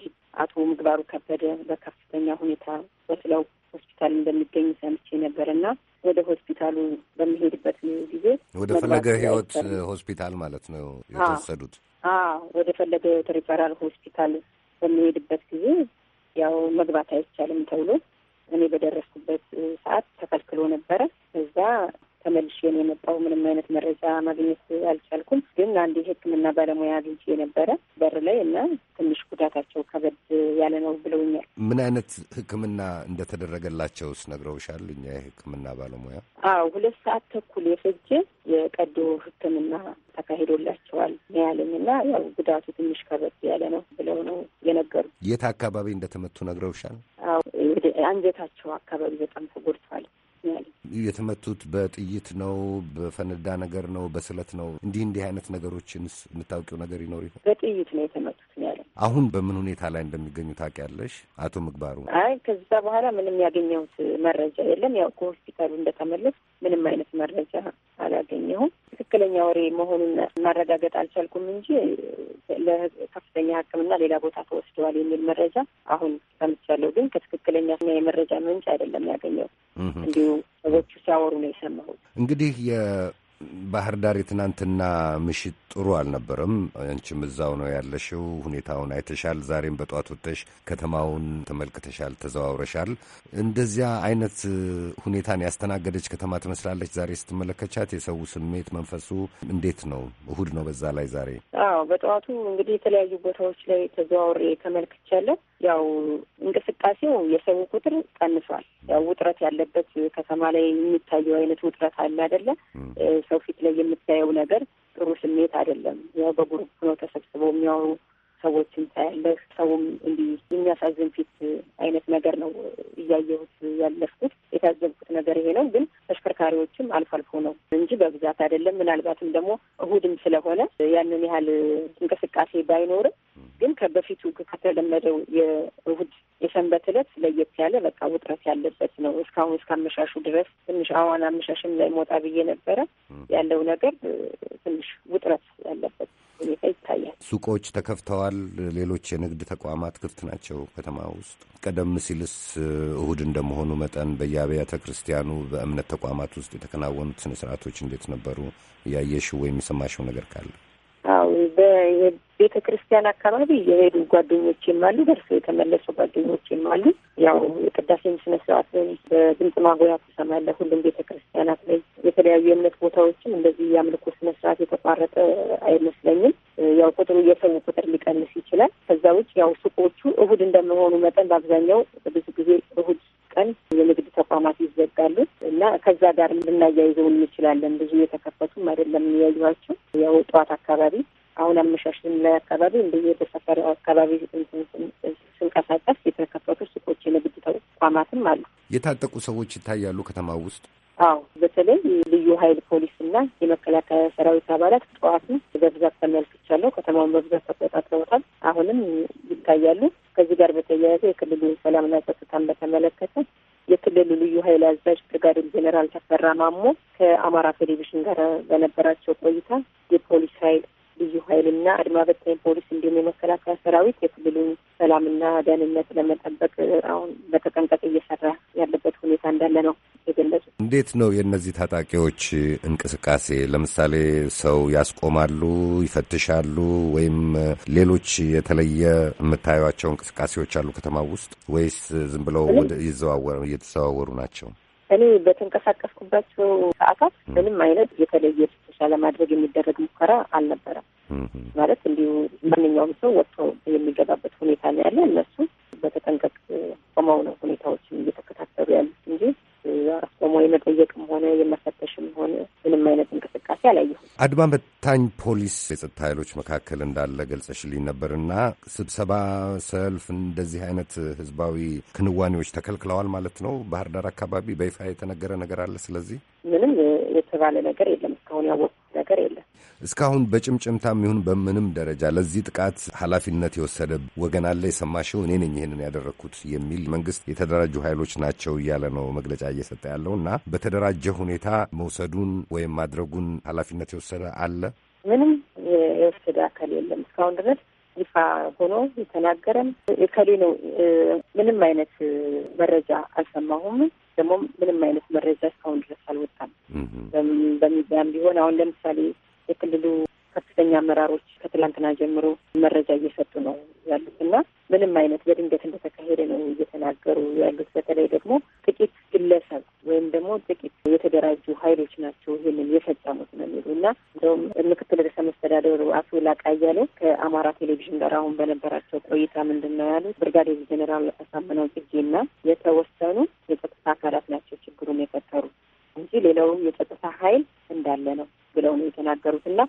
አቶ ምግባሩ ከበደ በከፍተኛ ሁኔታ በስለው ሆስፒታል እንደሚገኝ ሰምቼ ነበር እና ወደ ሆስፒታሉ በሚሄድበት ጊዜ ወደ ፈለገ ሕይወት ሆስፒታል ማለት ነው የተወሰዱት። ወደ ፈለገ ሕይወት ሪፈራል ሆስፒታል በሚሄድበት ጊዜ ያው መግባት አይቻልም ተብሎ እኔ በደረስኩበት ሰዓት ተከልክሎ ነበረ። እዛ ተመልሼ ነው ምንም አይነት መረጃ ማግኘት አልቻልኩም። ግን አንድ የሕክምና ባለሙያ አግኝቼ ነበረ በር ላይ እና ትንሽ ጉዳታቸው ከበድ ያለ ነው ብለውኛል። ምን አይነት ሕክምና እንደተደረገላቸውስ ነግረውሻል? እኛ የሕክምና ባለሙያ አዎ፣ ሁለት ሰዓት ተኩል የፈጀ የቀዶ ሕክምና ተካሂዶላቸዋል ነው ያለኝ እና ያው ጉዳቱ ትንሽ ከበድ ያለ ነው ብለው ነው የነገሩ። የት አካባቢ እንደተመቱ ነግረውሻል? አዎ፣ አንጀታቸው አካባቢ በጣም ተጎድቷል ያለኝ የተመቱት በጥይት ነው? በፈነዳ ነገር ነው? በስለት ነው? እንዲህ እንዲህ አይነት ነገሮችን የምታውቂው ነገር ይኖር ይሆን? በጥይት ነው የተመቱት ያለ። አሁን በምን ሁኔታ ላይ እንደሚገኙ ታውቂያለሽ አቶ ምግባሩ? አይ ከዛ በኋላ ምንም ያገኘሁት መረጃ የለም። ያው ከሆስፒታሉ እንደተመለስ ምንም አይነት መረጃ አላገኘሁም። ትክክለኛ ወሬ መሆኑን ማረጋገጥ አልቻልኩም እንጂ ለከፍተኛ ሕክምና ሌላ ቦታ ተወስደዋል የሚል መረጃ አሁን ሰምቻለሁ። ግን ከትክክለኛ የመረጃ ምንጭ አይደለም ያገኘው፣ እንዲሁ ሰዎቹ ሲያወሩ ነው የሰማሁት። እንግዲህ ባህር ዳር የትናንትና ምሽት ጥሩ አልነበረም። አንቺም እዛው ነው ያለሽው፣ ሁኔታውን አይተሻል። ዛሬም በጠዋት ወጥተሽ ከተማውን ተመልክተሻል፣ ተዘዋውረሻል። እንደዚያ አይነት ሁኔታን ያስተናገደች ከተማ ትመስላለች ዛሬ ስትመለከቻት። የሰው ስሜት መንፈሱ እንዴት ነው? እሁድ ነው በዛ ላይ ዛሬ። አዎ፣ በጠዋቱ እንግዲህ የተለያዩ ቦታዎች ላይ ተዘዋውሬ ተመልክቻለሁ። ያው እንቅስቃሴው የሰው ቁጥር ቀንሷል። ያው ውጥረት ያለበት ከተማ ላይ የሚታየው አይነት ውጥረት አለ አይደለ? ሰው ፊት ላይ የምታየው ነገር ጥሩ ስሜት አይደለም። ያው በጉሩፕ ነው ተሰብስበው የሚያወሩ ሰዎችን ታያለህ። ሰውም እንዲህ የሚያሳዝን ፊት አይነት ነገር ነው እያየሁት ያለፍኩት። የታዘብኩት ነገር ይሄ ነው። ግን ተሽከርካሪዎችም አልፎ አልፎ ነው እንጂ በብዛት አይደለም። ምናልባትም ደግሞ እሁድም ስለሆነ ያንን ያህል እንቅስቃሴ ባይኖርም ግን ከበፊቱ ከተለመደው የእሁድ የሰንበት እለት ለየት ያለ በቃ ውጥረት ያለበት ነው። እስካሁን እስከ አመሻሹ ድረስ ትንሽ አዋን አመሻሽም ላይ ሞጣ ብዬ ነበረ ያለው ነገር ትንሽ ውጥረት ያለበት ሁኔታ ይታያል። ሱቆች ተከፍተዋል። ሌሎች የንግድ ተቋማት ክፍት ናቸው ከተማ ውስጥ። ቀደም ሲልስ እሁድ እንደመሆኑ መጠን በየአብያተ ክርስቲያኑ በእምነት ተቋማት ውስጥ የተከናወኑት ስነ ስርዓቶች እንዴት ነበሩ? ያየሽው ወይም የሰማሽው ነገር ካለ? አዎ ቤተ ክርስቲያን አካባቢ የሄዱ ጓደኞቼም አሉ፣ ደርሰው የተመለሱ ጓደኞቼም አሉ። ያው የቅዳሴም ስነ በድምፅ ማጉያ ትሰማለህ። ሁሉም ቤተ ክርስቲያናት ላይ የተለያዩ የእምነት ቦታዎችም እንደዚህ የአምልኮ ስነ ስርዓት የተቋረጠ አይመስለኝም። ያው ቁጥሩ የሰው ቁጥር ሊቀንስ ይችላል። ከዛ ውጭ ያው ሱቆቹ እሁድ እንደመሆኑ መጠን በአብዛኛው ብዙ ጊዜ እሁድ ቀን የንግድ ተቋማት ይዘጋሉ እና ከዛ ጋር ልናያይዘው እንችላለን። ብዙ የተከፈቱም አይደለም የሚያዩቸው ያው ጠዋት አካባቢ አሁን አመሻሽን ላይ አካባቢ እንደየ በሰፈር አካባቢ ስንቀሳቀስ የተከፈቱ ሱቆች፣ የንግድ ተቋማትም አሉ። የታጠቁ ሰዎች ይታያሉ ከተማ ውስጥ። አዎ፣ በተለይ ኃይል ፖሊስ እና የመከላከያ ሰራዊት አባላት ጠዋትም በብዛት ተመልክቻለሁ። ከተማውን በብዛት ተቆጣጥረውታል። አሁንም ይታያሉ። ከዚህ ጋር በተያያዘ የክልሉ ሰላምና ጸጥታን በተመለከተ የክልሉ ልዩ ኃይል አዛዥ ብርጋዴር ጄኔራል ተፈራ ማሞ ከአማራ ቴሌቪዥን ጋር በነበራቸው ቆይታ የፖሊስ ኃይል ልዩ ኃይልና አድማ በታኝ ፖሊስ እንዲሁም የመከላከያ ሰራዊት የክልሉን ሰላምና ደህንነት ለመጠበቅ አሁን በተጠንቀቅ እየሰራ ያለበት ሁኔታ እንዳለ ነው የገለጹት። እንዴት ነው የእነዚህ ታጣቂዎች እንቅስቃሴ? ለምሳሌ ሰው ያስቆማሉ፣ ይፈትሻሉ፣ ወይም ሌሎች የተለየ የምታዩቸው እንቅስቃሴዎች አሉ ከተማ ውስጥ ወይስ ዝም ብለው ይዘዋወሩ እየተዘዋወሩ ናቸው? እኔ በተንቀሳቀስኩባቸው ሰዓታት ምንም አይነት የተለየ ፍተሻ ለማድረግ የሚደረግ ሙከራ አልነበረም። ማለት እንዲሁ ማንኛውም ሰው ወጥቶ የሚገባበት ሁኔታ ነው ያለ። እነሱ በተጠንቀቅ ቆመው ነው ሁኔታዎችን ቆሞ የመጠየቅም ሆነ የመፈተሽም ሆነ ምንም አይነት እንቅስቃሴ አላየሁም። አድማ በታኝ ፖሊስ የጸጥታ ኃይሎች መካከል እንዳለ ገልጸሽልኝ ነበርና ስብሰባ፣ ሰልፍ፣ እንደዚህ አይነት ህዝባዊ ክንዋኔዎች ተከልክለዋል ማለት ነው። ባህር ዳር አካባቢ በይፋ የተነገረ ነገር አለ። ስለዚህ ምንም የተባለ ነገር የለም። እስካሁን ያወቁት ነገር የለም። እስካሁን በጭምጭምታም ይሁን በምንም ደረጃ ለዚህ ጥቃት ኃላፊነት የወሰደ ወገን አለ? የሰማሽው እኔ ነኝ ይህንን ያደረግኩት የሚል መንግስት የተደራጁ ኃይሎች ናቸው እያለ ነው መግለጫ እየሰጠ ያለው እና በተደራጀ ሁኔታ መውሰዱን ወይም ማድረጉን ኃላፊነት የወሰደ አለ? ምንም የወሰደ አካል የለም እስካሁን ድረስ ይፋ ሆኖ የተናገረም የከሌ ነው። ምንም አይነት መረጃ አልሰማሁም። ደግሞ ምንም አይነት መረጃ እስካሁን ድረስ አልወጣም። በሚዲያም ቢሆን አሁን ለምሳሌ የክልሉ ከፍተኛ አመራሮች ከትላንትና ጀምሮ መረጃ እየሰጡ ነው ያሉት እና ምንም አይነት በድንገት እንደተካሄደ ነው እየተናገሩ ያሉት። በተለይ ደግሞ ጥቂት ግለሰብ ወይም ደግሞ ጥቂት የተደራጁ ኃይሎች ናቸው ይህንን የፈጸሙት ነው የሚሉ እና እንደውም ምክትል ርዕሰ መስተዳደሩ አቶ ላቃያሌው ከአማራ ቴሌቪዥን ጋር አሁን በነበራቸው ቆይታ ምንድን ነው ያሉት ብርጋዴር ጄኔራል አሳምነው ጽጌና የተወሰኑ የጸጥታ አካላት ናቸው ችግሩን የፈጠሩ እንጂ ሌላውም የጸጥታ ኃይል እንዳለ ነው ብለው ነው የተናገሩት እና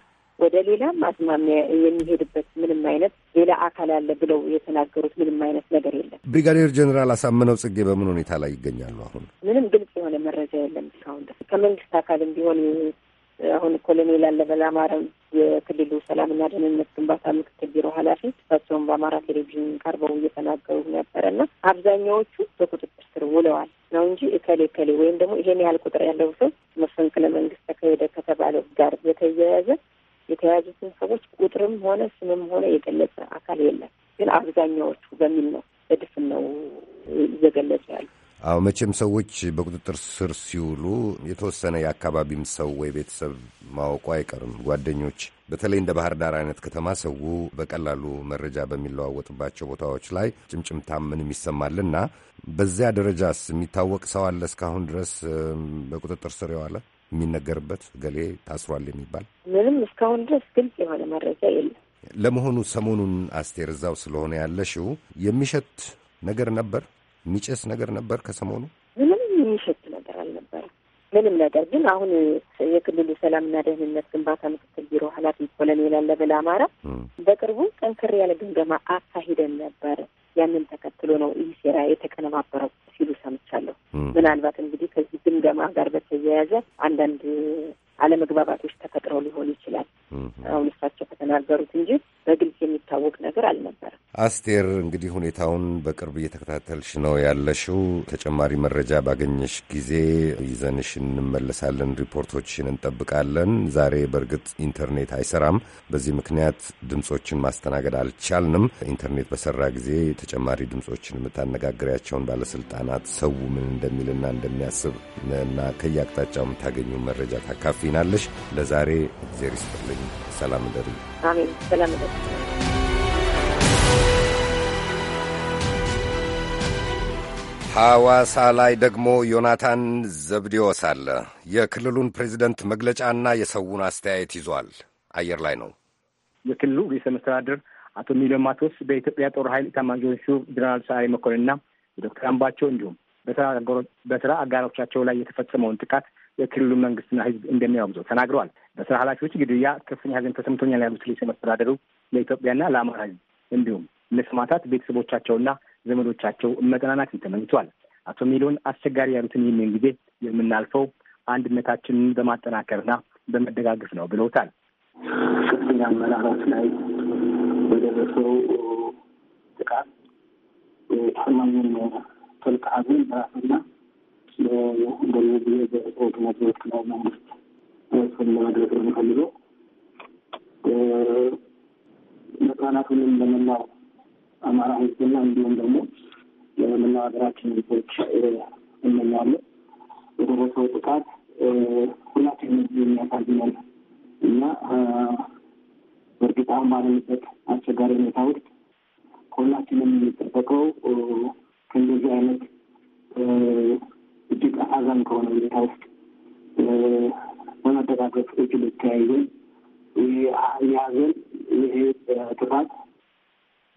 ወደ ሌላም አዝማሚያ የሚሄድበት ምንም አይነት ሌላ አካል አለ ብለው የተናገሩት ምንም አይነት ነገር የለም። ብሪጋዴር ጀኔራል አሳምነው ጽጌ በምን ሁኔታ ላይ ይገኛሉ? አሁን ምንም ግልጽ የሆነ መረጃ የለም። እስካሁን ድረስ ከመንግስት አካልም ቢሆን አሁን ኮሎኔል አለበል አማረ የክልሉ ሰላምና ደህንነት ግንባታ ምክትል ቢሮ ኃላፊ እሳቸውን በአማራ ቴሌቪዥን ቀርበው እየተናገሩ ነበረ እና አብዛኛዎቹ በቁጥጥር ስር ውለዋል ነው እንጂ እከሌ እከሌ ወይም ደግሞ ይሄን ያህል ቁጥር ያለው ሰው መፈንቅለ መንግስት ተካሄደ ከተባለው ጋር በተያያዘ የተያዙትን ሰዎች ቁጥርም ሆነ ስምም ሆነ የገለጸ አካል የለም። ግን አብዛኛዎቹ በሚል ነው በድፍን ነው እየገለጹ ያሉ። አዎ መቼም ሰዎች በቁጥጥር ስር ሲውሉ የተወሰነ የአካባቢም ሰው ወይ ቤተሰብ ማወቁ አይቀርም ጓደኞች በተለይ እንደ ባህር ዳር አይነት ከተማ ሰው በቀላሉ መረጃ በሚለዋወጥባቸው ቦታዎች ላይ ጭምጭምታ ምንም ይሰማልና በዚያ ደረጃስ የሚታወቅ ሰው አለ እስካሁን ድረስ በቁጥጥር ስር የዋለ የሚነገርበት ገሌ ታስሯል የሚባል ምንም እስካሁን ድረስ ግልጽ የሆነ መረጃ የለም። ለመሆኑ ሰሞኑን አስቴር እዛው ስለሆነ ያለሽው የሚሸት ነገር ነበር፣ የሚጨስ ነገር ነበር ከሰሞኑ ምንም የሚሸት ምንም ነገር ግን አሁን የክልሉ ሰላምና ደህንነት ግንባታ ምክትል ቢሮ ኃላፊ ኮሎኔል አለበል አማራ በቅርቡ ጠንከር ያለ ግምገማ አካሂደን ነበር። ያንን ተከትሎ ነው ይህ ሴራ የተቀነባበረው ሲሉ ሰምቻለሁ። ምናልባት እንግዲህ ከዚህ ግምገማ ጋር በተያያዘ አንዳንድ አለመግባባቶች ተፈጥረው ሊሆን ይችላል። አሁን እሳቸው ከተናገሩት እንጂ በግልጽ የሚታወቅ ነገር አልነበረም። አስቴር፣ እንግዲህ ሁኔታውን በቅርብ እየተከታተልሽ ነው ያለሽው። ተጨማሪ መረጃ ባገኘሽ ጊዜ ይዘንሽ እንመለሳለን። ሪፖርቶችን እንጠብቃለን። ዛሬ በእርግጥ ኢንተርኔት አይሰራም። በዚህ ምክንያት ድምጾችን ማስተናገድ አልቻልንም። ኢንተርኔት በሰራ ጊዜ ተጨማሪ ድምጾችን የምታነጋግሪያቸውን ባለስልጣናት ሰው ምን እንደሚልና እንደሚያስብ እና ከየአቅጣጫው የምታገኙ መረጃ ታካፊ ትገቢናለሽ። ለዛሬ እግዜር ይስጥልኝ። ሰላም ደሪ። ሐዋሳ ላይ ደግሞ ዮናታን ዘብዴዎስ አለ። የክልሉን ፕሬዚደንት መግለጫና የሰውን አስተያየት ይዟል። አየር ላይ ነው። የክልሉ ርዕሰ መስተዳድር አቶ ሚሊዮን ማቶስ በኢትዮጵያ ጦር ኃይል ኤታማዦር ሹም ጀነራል ሰዓሬ መኮንንና የዶክተር አምባቸው እንዲሁም በስራ አጋሮቻቸው ላይ የተፈጸመውን ጥቃት የክልሉ መንግስትና ህዝብ እንደሚያወግዘው ተናግረዋል። በስራ ኃላፊዎች ግድያ ከፍተኛ ሐዘን ተሰምቶኛል ያሉት ርዕሰ መስተዳድሩ ለኢትዮጵያና ለአማራ ህዝብ እንዲሁም ለሰማዕታት ቤተሰቦቻቸውና ዘመዶቻቸው መጠናናትን ተመኝቷል። አቶ ሚሊዮን አስቸጋሪ ያሉትን ይህንን ጊዜ የምናልፈው አንድነታችንን በማጠናከርና በመደጋገፍ ነው ብለውታል። ከፍተኛ አመራራት ላይ በደረሰው ጥቃት ታማኝ ተልቃ ሀዘን በራስና እንደዚህ በኦቶሞቲቭ ህጻናቱንም ለመላው አማራ ህዝብና እንዲሁም ደግሞ ለመላው ሀገራችን ህዝቦች እመኛለሁ። የደረሰው ጥቃት ሁላችን የሚያሳዝናል እና በእርግጥ ባለንበት አስቸጋሪ ሁኔታ ውስጥ ከሁላችንም የሚጠበቀው ከእንደዚህ አይነት እጅግ አዛም ከሆነ ሁኔታ ውስጥ በመደጋገፍ እጅ ተያይዘን የሀዘን ይሄ ጥፋት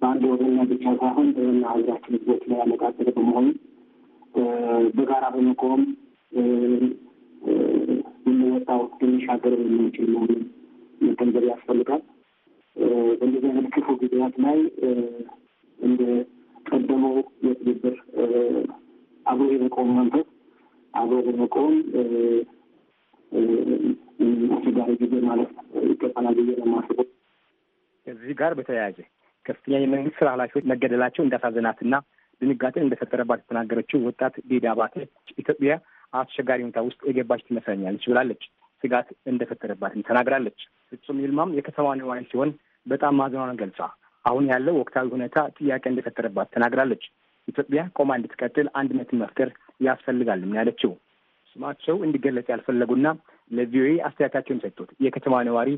በአንድ ወገና ብቻ ሳይሆን በና ሀገራችን ህዝቦች ላይ ያነጣጠረ በመሆኑ በጋራ በመቆም የምንወጣው የሚሻገር የምንችል መሆኑን መገንዘብ ያስፈልጋል። በእንደዚህ አይነት ክፉ ጊዜያት ላይ እንደ ቀደመው የትብብር አብሮ የመቆም መንፈስ አብሮ መቆም አስቸጋሪ ጊዜ ማለት ይገባናል ብዬ ነው እዚህ ጋር በተያያዘ ከፍተኛ የመንግስት ስራ ኃላፊዎች መገደላቸው እንዳሳዘናትና ድንጋጤ እንደፈጠረባት የተናገረችው ወጣት ዲዳ አባተ ኢትዮጵያ አስቸጋሪ ሁኔታ ውስጥ የገባች ትመስለኛለች ብላለች። ስጋት እንደፈጠረባትም ተናግራለች። ፍጹም ይልማም የከተማ ነዋሪ ሲሆን በጣም ማዘኗን ገልጻ አሁን ያለው ወቅታዊ ሁኔታ ጥያቄ እንደፈጠረባት ተናግራለች። ኢትዮጵያ ቆማ እንድትቀጥል አንድነትን መፍጠር ያስፈልጋልም ያለችው ስማቸው እንዲገለጽ ያልፈለጉና ለቪኦኤ አስተያየታቸውን ሰጥቶት የከተማ ነዋሪ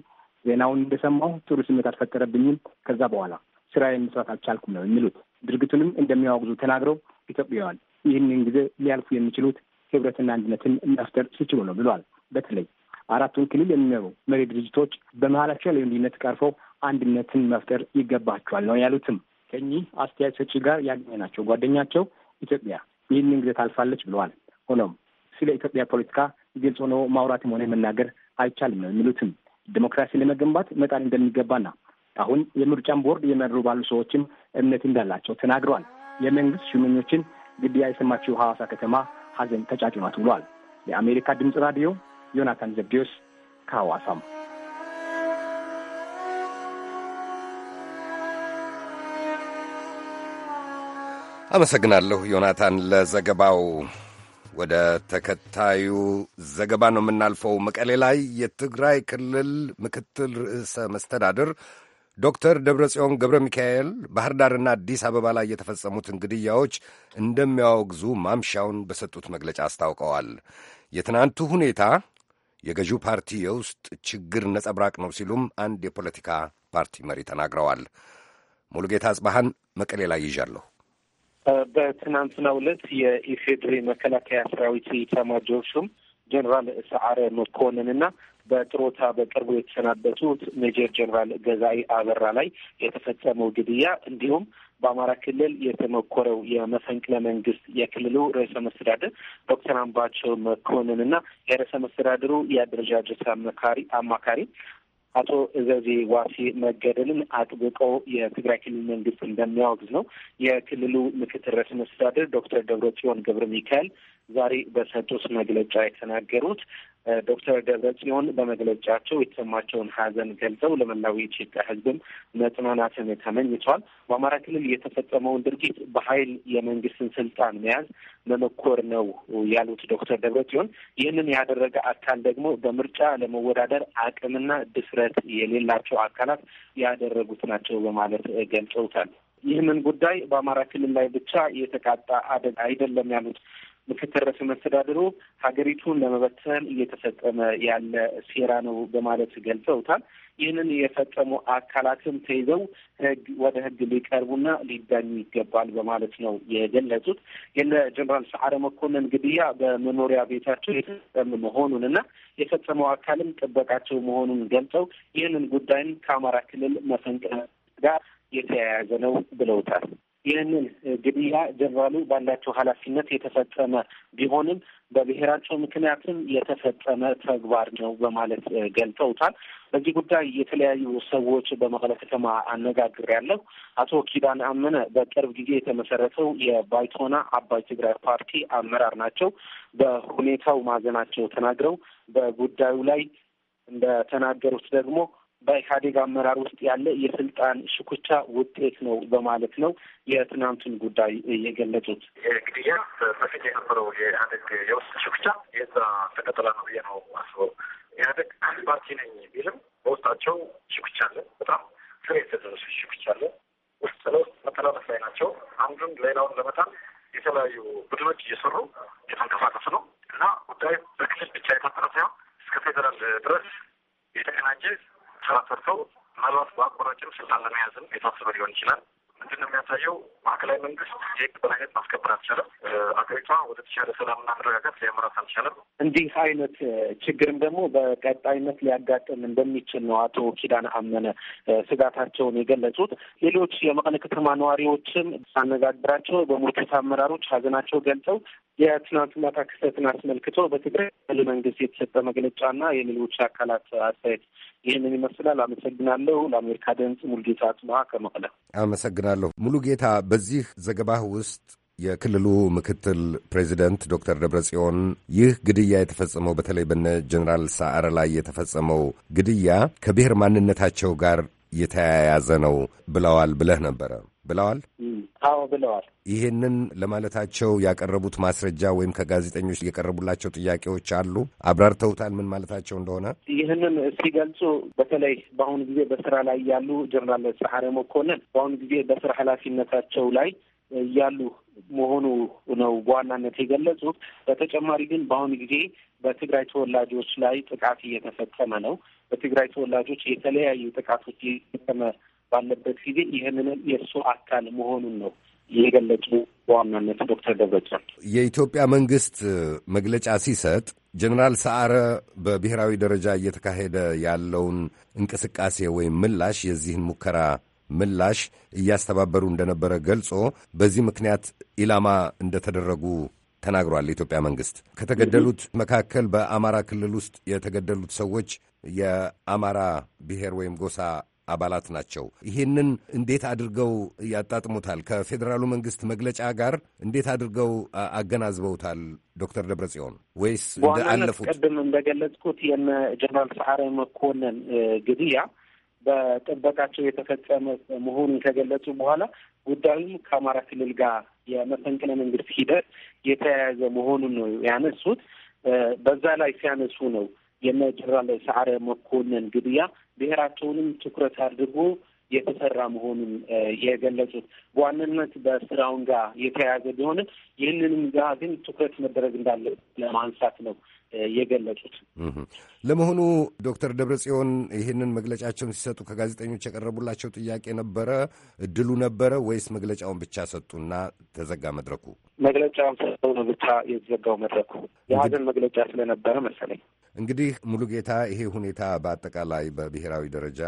ዜናውን እንደሰማሁ ጥሩ ስሜት አልፈጠረብኝም። ከዛ በኋላ ስራዬን መስራት አልቻልኩም ነው የሚሉት። ድርጊቱንም እንደሚያወግዙ ተናግረው ኢትዮጵያውያን ይህንን ጊዜ ሊያልፉ የሚችሉት ህብረትና አንድነትን መፍጠር ሲችሉ ነው ብሏል። በተለይ አራቱን ክልል የሚመሩ መሪ ድርጅቶች በመሀላቸው ልዩነት ቀርፈው አንድነትን መፍጠር ይገባቸዋል ነው ያሉትም። ከኚህ አስተያየት ሰጪ ጋር ያገኘናቸው ጓደኛቸው ኢትዮጵያ ይህንን ጊዜ ታልፋለች ብለዋል። ሆኖም ስለ ኢትዮጵያ ፖለቲካ ግልጽ ሆኖ ማውራትም ሆነ መናገር አይቻልም ነው የሚሉትም ዲሞክራሲ ለመገንባት መጣን እንደሚገባና አሁን የምርጫን ቦርድ የመሩ ባሉ ሰዎችም እምነት እንዳላቸው ተናግረዋል። የመንግስት ሹመኞችን ግድያ የሰማችው ሐዋሳ ከተማ ሐዘን ተጫጭኗት ብሏል። ለአሜሪካ ድምፅ ራዲዮ ዮናታን ዘብዴዎስ ከሐዋሳም አመሰግናለሁ ዮናታን ለዘገባው። ወደ ተከታዩ ዘገባ ነው የምናልፈው። መቀሌ ላይ የትግራይ ክልል ምክትል ርዕሰ መስተዳድር ዶክተር ደብረጽዮን ገብረ ሚካኤል ባህር ዳርና አዲስ አበባ ላይ የተፈጸሙትን ግድያዎች እንደሚያወግዙ ማምሻውን በሰጡት መግለጫ አስታውቀዋል። የትናንቱ ሁኔታ የገዢው ፓርቲ የውስጥ ችግር ነጸብራቅ ነው ሲሉም አንድ የፖለቲካ ፓርቲ መሪ ተናግረዋል። ሙሉጌታ አጽባሃን መቀሌ ላይ ይዣለሁ። በትናንትናው ዕለት የኢፌድሪ መከላከያ ሰራዊት ኢታማዦር ሹም ጀኔራል ሰዓረ መኮንን መኮንንና በጥሮታ በቅርቡ የተሰናበቱት ሜጀር ጀኔራል ገዛኢ አበራ ላይ የተፈጸመው ግድያ እንዲሁም በአማራ ክልል የተሞከረው የመፈንቅለ መንግስት የክልሉ ርዕሰ መስተዳድር ዶክተር አምባቸው መኮንን መኮንንና የርዕሰ መስተዳድሩ የአደረጃጀት አማካሪ አማካሪ አቶ እዘዜ ዋሴ መገደልን አጥብቀው የትግራይ ክልል መንግስት እንደሚያወግዝ ነው የክልሉ ምክትል ርዕሰ መስተዳድር ዶክተር ደብረ ጽዮን ገብረ ሚካኤል ዛሬ በሰጡት መግለጫ የተናገሩት። ዶክተር ደብረጽዮን በመግለጫቸው የተሰማቸውን ሀዘን ገልጸው ለመላው የኢትዮጵያ ህዝብም መጽናናትን ተመኝቷል። በአማራ ክልል የተፈጸመውን ድርጊት በኃይል የመንግስትን ስልጣን መያዝ መመኮር ነው ያሉት ዶክተር ደብረጽዮን ይህንን ያደረገ አካል ደግሞ በምርጫ ለመወዳደር አቅምና ድፍረት የሌላቸው አካላት ያደረጉት ናቸው በማለት ገልጸውታል። ይህንን ጉዳይ በአማራ ክልል ላይ ብቻ የተቃጣ አይደለም ያሉት ምክትል ርዕሰ መስተዳድሩ ሀገሪቱን ለመበተን እየተፈጸመ ያለ ሴራ ነው በማለት ገልጸውታል። ይህንን የፈጸሙ አካላትም ተይዘው ህግ ወደ ህግ ሊቀርቡና ሊዳኙ ይገባል በማለት ነው የገለጹት። የነ ጀኔራል ሰዓረ መኮንን ግድያ በመኖሪያ ቤታቸው የተፈጸመ መሆኑን እና የፈጸመው አካልም ጥበቃቸው መሆኑን ገልጸው ይህንን ጉዳይን ከአማራ ክልል መፈንቅለ ጋር የተያያዘ ነው ብለውታል። ይህንን ግድያ ጀኔራሉ ባላቸው ኃላፊነት የተፈጸመ ቢሆንም በብሔራቸው ምክንያትም የተፈጸመ ተግባር ነው በማለት ገልጸውታል። በዚህ ጉዳይ የተለያዩ ሰዎች በመቀለ ከተማ አነጋግሬያለሁ። አቶ ኪዳን አመነ በቅርብ ጊዜ የተመሰረተው የባይቶና አባይ ትግራይ ፓርቲ አመራር ናቸው። በሁኔታው ማዘናቸው ተናግረው በጉዳዩ ላይ እንደተናገሩት ደግሞ በኢህአዴግ አመራር ውስጥ ያለ የስልጣን ሽኩቻ ውጤት ነው በማለት ነው የትናንቱን ጉዳይ የገለጹት። ግድያ በፊት የነበረው የኢህአዴግ የውስጥ ሽኩቻ የዛ ተቀጠለ ነው ብዬ ነው አስበው። ኢህአዴግ አንድ ፓርቲ ነኝ ቢልም በውስጣቸው ሽኩቻ አለ። በጣም ስር የተደረሱ ሽኩቻ አለ። ውስጥ ለውስጥ መተላለፍ ላይ ናቸው። አንዱን ሌላውን ለመጣል የተለያዩ ቡድኖች እየሰሩ የተንቀሳቀሱ ነው እና ጉዳዩ በክልል ብቻ የታጠረ ሳይሆን እስከ ፌዴራል ድረስ የተቀናጀ ስራ ሰርተው ምናልባት በአቋራጭም ስልጣን ለመያዝም የታሰበ ሊሆን ይችላል። ምንድን ነው የሚያሳየው? ማዕከላዊ መንግስት የህግ በላይነት ማስከበር አልቻለም። አገሪቷ ወደ ተሻለ ሰላምና መረጋጋት ሊያመራት አልቻለም። እንዲህ አይነት ችግርም ደግሞ በቀጣይነት ሊያጋጥም እንደሚችል ነው አቶ ኪዳን አመነ ስጋታቸውን የገለጹት። ሌሎች የመቀለ ከተማ ነዋሪዎችም ሳነጋግራቸው በሞርቾት አመራሮች ሀዘናቸው ገልጸው የትናንቱ ማታ ክስተትን አስመልክቶ በትግራይ ያለ መንግስት የተሰጠ መግለጫና የሌሎች አካላት አስተያየት ይህንን ይመስላል። አመሰግናለሁ። ለአሜሪካ ድምፅ ሙሉጌታ አጽብሃ ከመቀለ አመሰግናለሁ። ሙሉጌታ፣ በዚህ ዘገባህ ውስጥ የክልሉ ምክትል ፕሬዚደንት ዶክተር ጽዮን ይህ ግድያ የተፈጸመው በተለይ በነ ጀኔራል ሰዓረ ላይ የተፈጸመው ግድያ ከብሔር ማንነታቸው ጋር የተያያዘ ነው ብለዋል ብለህ ነበረ። ብለዋል? አዎ ብለዋል። ይህንን ለማለታቸው ያቀረቡት ማስረጃ ወይም ከጋዜጠኞች የቀረቡላቸው ጥያቄዎች አሉ? አብራርተውታል ምን ማለታቸው እንደሆነ? ይህንን ሲገልጹ በተለይ በአሁኑ ጊዜ በስራ ላይ ያሉ ጀነራል ሰዓረ መኮንን በአሁኑ ጊዜ በስራ ኃላፊነታቸው ላይ ያሉ መሆኑ ነው በዋናነት የገለጹት። በተጨማሪ ግን በአሁኑ ጊዜ በትግራይ ተወላጆች ላይ ጥቃት እየተፈጸመ ነው። በትግራይ ተወላጆች የተለያዩ ጥቃቶች እየተፈጸመ ባለበት ጊዜ ይህንን የእሱ አካል መሆኑን ነው የገለጹ በዋናነት ዶክተር ደብረጽዮን። የኢትዮጵያ መንግስት መግለጫ ሲሰጥ ጀኔራል ሰዓረ በብሔራዊ ደረጃ እየተካሄደ ያለውን እንቅስቃሴ ወይም ምላሽ የዚህን ሙከራ ምላሽ እያስተባበሩ እንደነበረ ገልጾ በዚህ ምክንያት ኢላማ እንደተደረጉ ተናግሯል። የኢትዮጵያ መንግስት ከተገደሉት መካከል በአማራ ክልል ውስጥ የተገደሉት ሰዎች የአማራ ብሔር ወይም ጎሳ አባላት ናቸው። ይህንን እንዴት አድርገው ያጣጥሙታል? ከፌዴራሉ መንግስት መግለጫ ጋር እንዴት አድርገው አገናዝበውታል? ዶክተር ደብረጽዮን ወይስ አለፉት? ቅድም እንደገለጽኩት የነ ጀነራል ሰዓረ መኮንን ግድያ በጥበቃቸው የተፈጸመ መሆኑን ከገለጹ በኋላ ጉዳዩም ከአማራ ክልል ጋር የመፈንቅለ መንግስት ሂደት የተያያዘ መሆኑን ነው ያነሱት። በዛ ላይ ሲያነሱ ነው የነ ጀነራል ሰዓረ መኮንን ግድያ ብሔራቸውንም ትኩረት አድርጎ የተሰራ መሆኑን የገለጹት በዋናነት በስራውን ጋር የተያያዘ ቢሆንም ይህንንም ጋር ግን ትኩረት መደረግ እንዳለ ለማንሳት ነው የገለጹት። ለመሆኑ ዶክተር ደብረጽዮን ይህንን መግለጫቸውን ሲሰጡ ከጋዜጠኞች የቀረቡላቸው ጥያቄ ነበረ? እድሉ ነበረ ወይስ መግለጫውን ብቻ ሰጡና ተዘጋ መድረኩ? መግለጫውን ሰጠው ነው ብቻ የተዘጋው መድረኩ። የሀዘን መግለጫ ስለነበረ መሰለኝ እንግዲህ ሙሉጌታ፣ ይሄ ሁኔታ በአጠቃላይ በብሔራዊ ደረጃ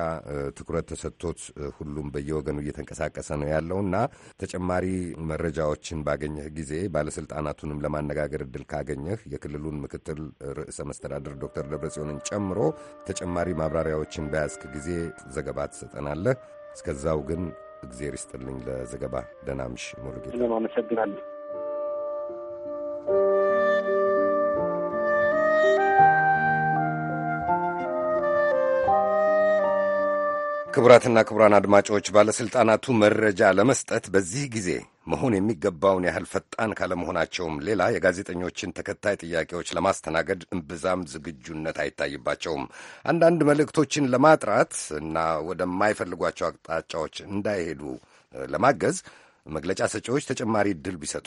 ትኩረት ተሰጥቶት ሁሉም በየወገኑ እየተንቀሳቀሰ ነው ያለው እና ተጨማሪ መረጃዎችን ባገኘህ ጊዜ ባለስልጣናቱንም ለማነጋገር እድል ካገኘህ የክልሉን ምክትል ርዕሰ መስተዳድር ዶክተር ደብረጽዮንን ጨምሮ ተጨማሪ ማብራሪያዎችን በያዝክ ጊዜ ዘገባ ትሰጠናለህ። እስከዛው ግን እግዜር ይስጥልኝ ለዘገባ። ደህና ምሽ ሙሉጌታ። አመሰግናለሁ። ክቡራትና ክቡራን አድማጮች ባለሥልጣናቱ መረጃ ለመስጠት በዚህ ጊዜ መሆን የሚገባውን ያህል ፈጣን ካለመሆናቸውም ሌላ የጋዜጠኞችን ተከታይ ጥያቄዎች ለማስተናገድ እምብዛም ዝግጁነት አይታይባቸውም። አንዳንድ መልእክቶችን ለማጥራት እና ወደማይፈልጓቸው አቅጣጫዎች እንዳይሄዱ ለማገዝ መግለጫ ሰጪዎች ተጨማሪ ድል ቢሰጡ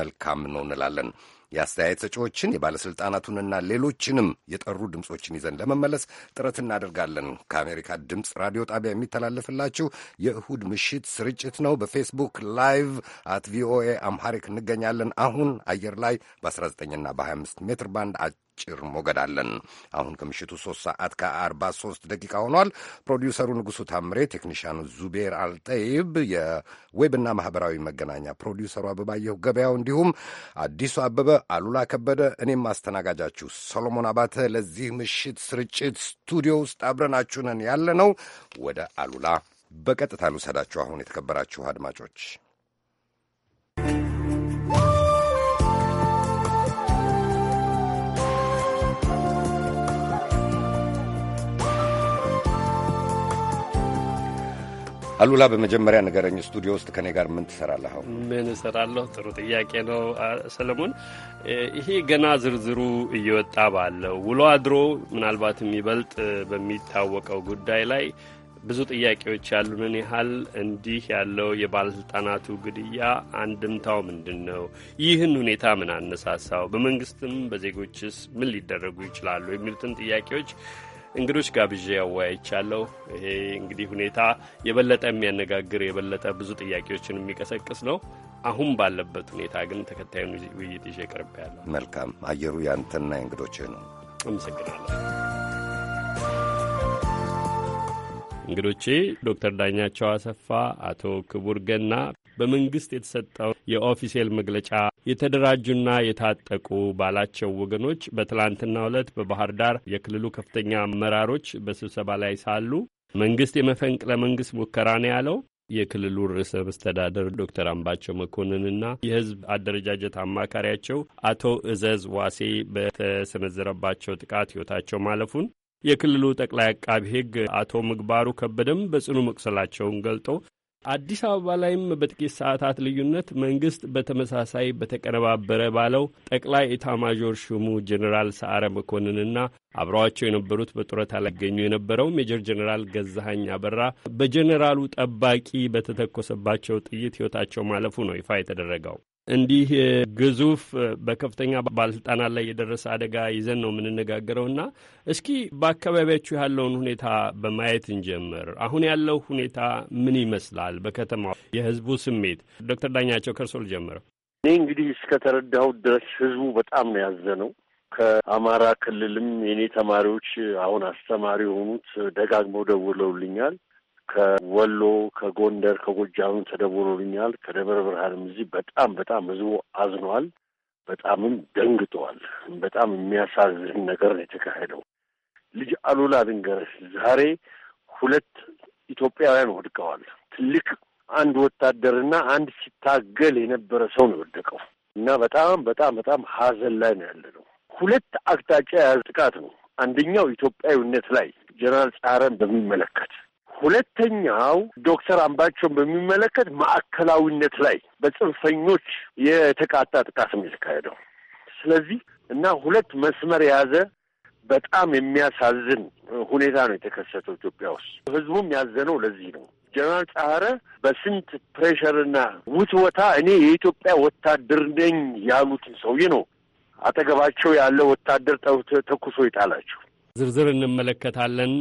መልካም ነው እንላለን። የአስተያየት ሰጪዎችን የባለሥልጣናቱንና ሌሎችንም የጠሩ ድምፆችን ይዘን ለመመለስ ጥረት እናደርጋለን። ከአሜሪካ ድምፅ ራዲዮ ጣቢያ የሚተላለፍላችሁ የእሁድ ምሽት ስርጭት ነው። በፌስቡክ ላይቭ አት ቪኦኤ አምሃሪክ እንገኛለን። አሁን አየር ላይ በ19ና በ25 ሜትር ባንድ አጭር ሞገድ አለን። አሁን ከምሽቱ ሶስት ሰዓት ከአርባ ሶስት ደቂቃ ሆኗል። ፕሮዲውሰሩ ንጉሡ ታምሬ፣ ቴክኒሽያኑ ዙቤር አልጠይብ፣ የዌብና ማህበራዊ መገናኛ ፕሮዲውሰሩ አበባየሁ ገበያው፣ እንዲሁም አዲሱ አበበ፣ አሉላ ከበደ፣ እኔም አስተናጋጃችሁ ሰሎሞን አባተ ለዚህ ምሽት ስርጭት ስቱዲዮ ውስጥ አብረናችሁ ነን ያለ ነው። ወደ አሉላ በቀጥታ ልውሰዳችሁ። አሁን የተከበራችሁ አድማጮች አሉላ በመጀመሪያ ንገረኝ፣ ስቱዲዮ ውስጥ ከኔ ጋር ምን ትሰራለህ? ምን እሰራለሁ? ጥሩ ጥያቄ ነው ሰለሞን። ይሄ ገና ዝርዝሩ እየወጣ ባለው ውሎ አድሮ ምናልባት የሚበልጥ በሚታወቀው ጉዳይ ላይ ብዙ ጥያቄዎች ያሉንን ያህል እንዲህ ያለው የባለስልጣናቱ ግድያ አንድምታው ምንድን ነው? ይህን ሁኔታ ምን አነሳሳው? በመንግስትም በዜጎችስ ምን ሊደረጉ ይችላሉ? የሚሉትን ጥያቄዎች እንግዶች ጋብዤ ያወያይቻለሁ። ይሄ እንግዲህ ሁኔታ የበለጠ የሚያነጋግር የበለጠ ብዙ ጥያቄዎችን የሚቀሰቅስ ነው። አሁን ባለበት ሁኔታ ግን ተከታዩን ውይይት ይዤ ቅርብ ያለሁ። መልካም አየሩ ያንተና የእንግዶችህ ነው። አመሰግናለሁ። እንግዶቼ ዶክተር ዳኛቸው አሰፋ፣ አቶ ክቡር ገና በመንግስት የተሰጠው የኦፊሴል መግለጫ የተደራጁና የታጠቁ ባላቸው ወገኖች በትላንትና ዕለት በባህር ዳር የክልሉ ከፍተኛ አመራሮች በስብሰባ ላይ ሳሉ መንግስት የመፈንቅለ መንግስት ሙከራ ነው ያለው የክልሉ ርዕሰ መስተዳደር ዶክተር አምባቸው መኮንንና የህዝብ አደረጃጀት አማካሪያቸው አቶ እዘዝ ዋሴ በተሰነዘረባቸው ጥቃት ህይወታቸው ማለፉን የክልሉ ጠቅላይ አቃቢ ህግ አቶ ምግባሩ ከበደም በጽኑ መቁሰላቸውን ገልጦ አዲስ አበባ ላይም በጥቂት ሰዓታት ልዩነት መንግስት በተመሳሳይ በተቀነባበረ ባለው ጠቅላይ ኢታማዦር ሹሙ ጀኔራል ሰዓረ መኮንንና አብረዋቸው የነበሩት በጡረታ ላይ የነበረው ሜጀር ጀኔራል ገዛሀኝ አበራ በጀኔራሉ ጠባቂ በተተኮሰባቸው ጥይት ሕይወታቸው ማለፉ ነው ይፋ የተደረገው። እንዲህ ግዙፍ በከፍተኛ ባለስልጣናት ላይ የደረሰ አደጋ ይዘን ነው የምንነጋገረው እና እስኪ በአካባቢያችሁ ያለውን ሁኔታ በማየት እንጀምር። አሁን ያለው ሁኔታ ምን ይመስላል? በከተማው የህዝቡ ስሜት። ዶክተር ዳኛቸው ከእርሶ ልጀምረው። እኔ እንግዲህ እስከተረዳሁት ድረስ ህዝቡ በጣም ነው ያዘነው። ከአማራ ክልልም የኔ ተማሪዎች አሁን አስተማሪ የሆኑት ደጋግመው ደውለውልኛል። ከወሎ፣ ከጎንደር፣ ከጎጃም ተደውሎልኛል። ከደብረ ብርሃንም እዚህ በጣም በጣም ህዝቡ አዝኗል። በጣምም ደንግጠዋል። በጣም የሚያሳዝን ነገር ነው የተካሄደው። ልጅ አሉላ ድንገረስ ዛሬ ሁለት ኢትዮጵያውያን ወድቀዋል። ትልቅ አንድ ወታደርና አንድ ሲታገል የነበረ ሰው ነው የወደቀው እና በጣም በጣም በጣም ሀዘን ላይ ነው ያለ ነው። ሁለት አቅጣጫ የያዘ ጥቃት ነው። አንደኛው ኢትዮጵያዊነት ላይ ጀነራል ጻረን በሚመለከት ሁለተኛው ዶክተር አምባቸውን በሚመለከት ማዕከላዊነት ላይ በጽንፈኞች የተቃጣ ጥቃት ነው የተካሄደው። ስለዚህ እና ሁለት መስመር የያዘ በጣም የሚያሳዝን ሁኔታ ነው የተከሰተው ኢትዮጵያ ውስጥ። ህዝቡም ያዘነው ለዚህ ነው። ጀነራል ጸሐረ በስንት ፕሬሸርና ውትወታ እኔ የኢትዮጵያ ወታደር ነኝ ያሉትን ሰውዬ ነው አጠገባቸው ያለ ወታደር ተኩሶ ይጣላቸው። ዝርዝር እንመለከታለን።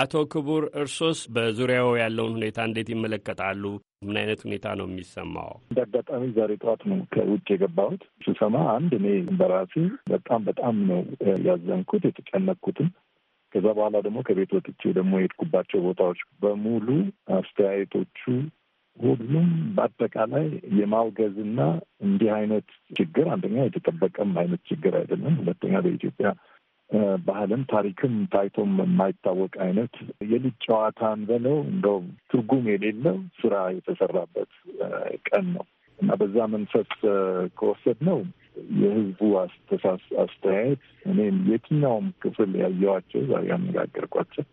አቶ ክቡር እርሶስ በዙሪያው ያለውን ሁኔታ እንዴት ይመለከታሉ? ምን አይነት ሁኔታ ነው የሚሰማው? እንደ አጋጣሚ ዛሬ ጠዋት ነው ከውጭ የገባሁት። ስሰማ አንድ እኔ በራሴ በጣም በጣም ነው ያዘንኩት የተጨነቅኩትም። ከዛ በኋላ ደግሞ ከቤት ወጥቼ ደግሞ የሄድኩባቸው ቦታዎች በሙሉ አስተያየቶቹ ሁሉም በአጠቃላይ የማውገዝና እንዲህ አይነት ችግር አንደኛ የተጠበቀም አይነት ችግር አይደለም። ሁለተኛ በኢትዮጵያ ባህልም ታሪክም ታይቶም የማይታወቅ አይነት የልጅ ጨዋታን በለው እንደው ትርጉም የሌለው ስራ የተሰራበት ቀን ነው እና በዛ መንፈስ ከወሰድ ነው የህዝቡ አስተያየት እኔም የትኛውም ክፍል ያየዋቸው ያነጋገርኳቸው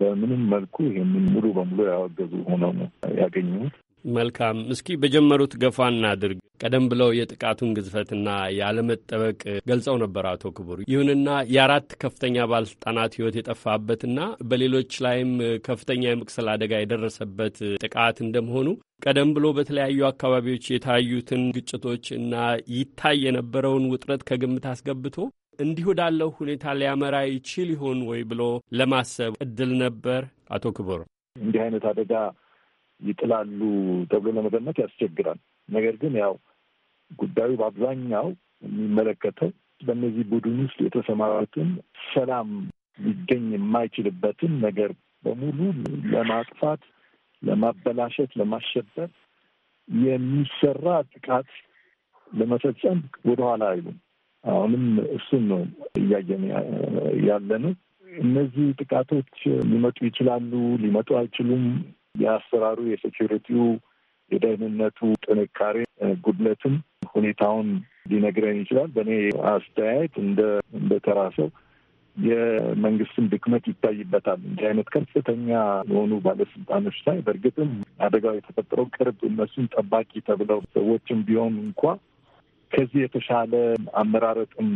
በምንም መልኩ ይህንን ሙሉ በሙሉ ያወገዙ ሆነው ነው ያገኘሁት። መልካም። እስኪ በጀመሩት ገፋ እናድርግ። ቀደም ብለው የጥቃቱን ግዝፈትና ያለመጠበቅ ገልጸው ነበር አቶ ክቡር። ይሁንና የአራት ከፍተኛ ባለስልጣናት ሕይወት የጠፋበትና በሌሎች ላይም ከፍተኛ የመቅሰል አደጋ የደረሰበት ጥቃት እንደመሆኑ ቀደም ብሎ በተለያዩ አካባቢዎች የታዩትን ግጭቶች እና ይታይ የነበረውን ውጥረት ከግምት አስገብቶ እንዲሁ ወዳለው ሁኔታ ሊያመራ ይችል ይሆን ወይ ብሎ ለማሰብ እድል ነበር አቶ ክቡር? እንዲህ አይነት አደጋ ይጥላሉ ተብሎ ለመገመት ያስቸግራል። ነገር ግን ያው ጉዳዩ በአብዛኛው የሚመለከተው በእነዚህ ቡድን ውስጥ የተሰማሩትን ሰላም ሊገኝ የማይችልበትን ነገር በሙሉ ለማጥፋት፣ ለማበላሸት፣ ለማሸበር የሚሰራ ጥቃት ለመፈጸም ወደኋላ አይሉም። አሁንም እሱን ነው እያየን ያለነው እነዚህ ጥቃቶች ሊመጡ ይችላሉ፣ ሊመጡ አይችሉም የአሰራሩ፣ የሴኪሪቲው፣ የደህንነቱ ጥንካሬ ጉድለትም ሁኔታውን ሊነግረን ይችላል። በእኔ አስተያየት እንደ እንደ ተራ ሰው የመንግስትን ድክመት ይታይበታል። እንዲህ አይነት ከፍተኛ የሆኑ ባለስልጣኖች ላይ በእርግጥም አደጋው የተፈጠረው ቅርብ እነሱን ጠባቂ ተብለው ሰዎችም ቢሆን እንኳ ከዚህ የተሻለ አመራረጥም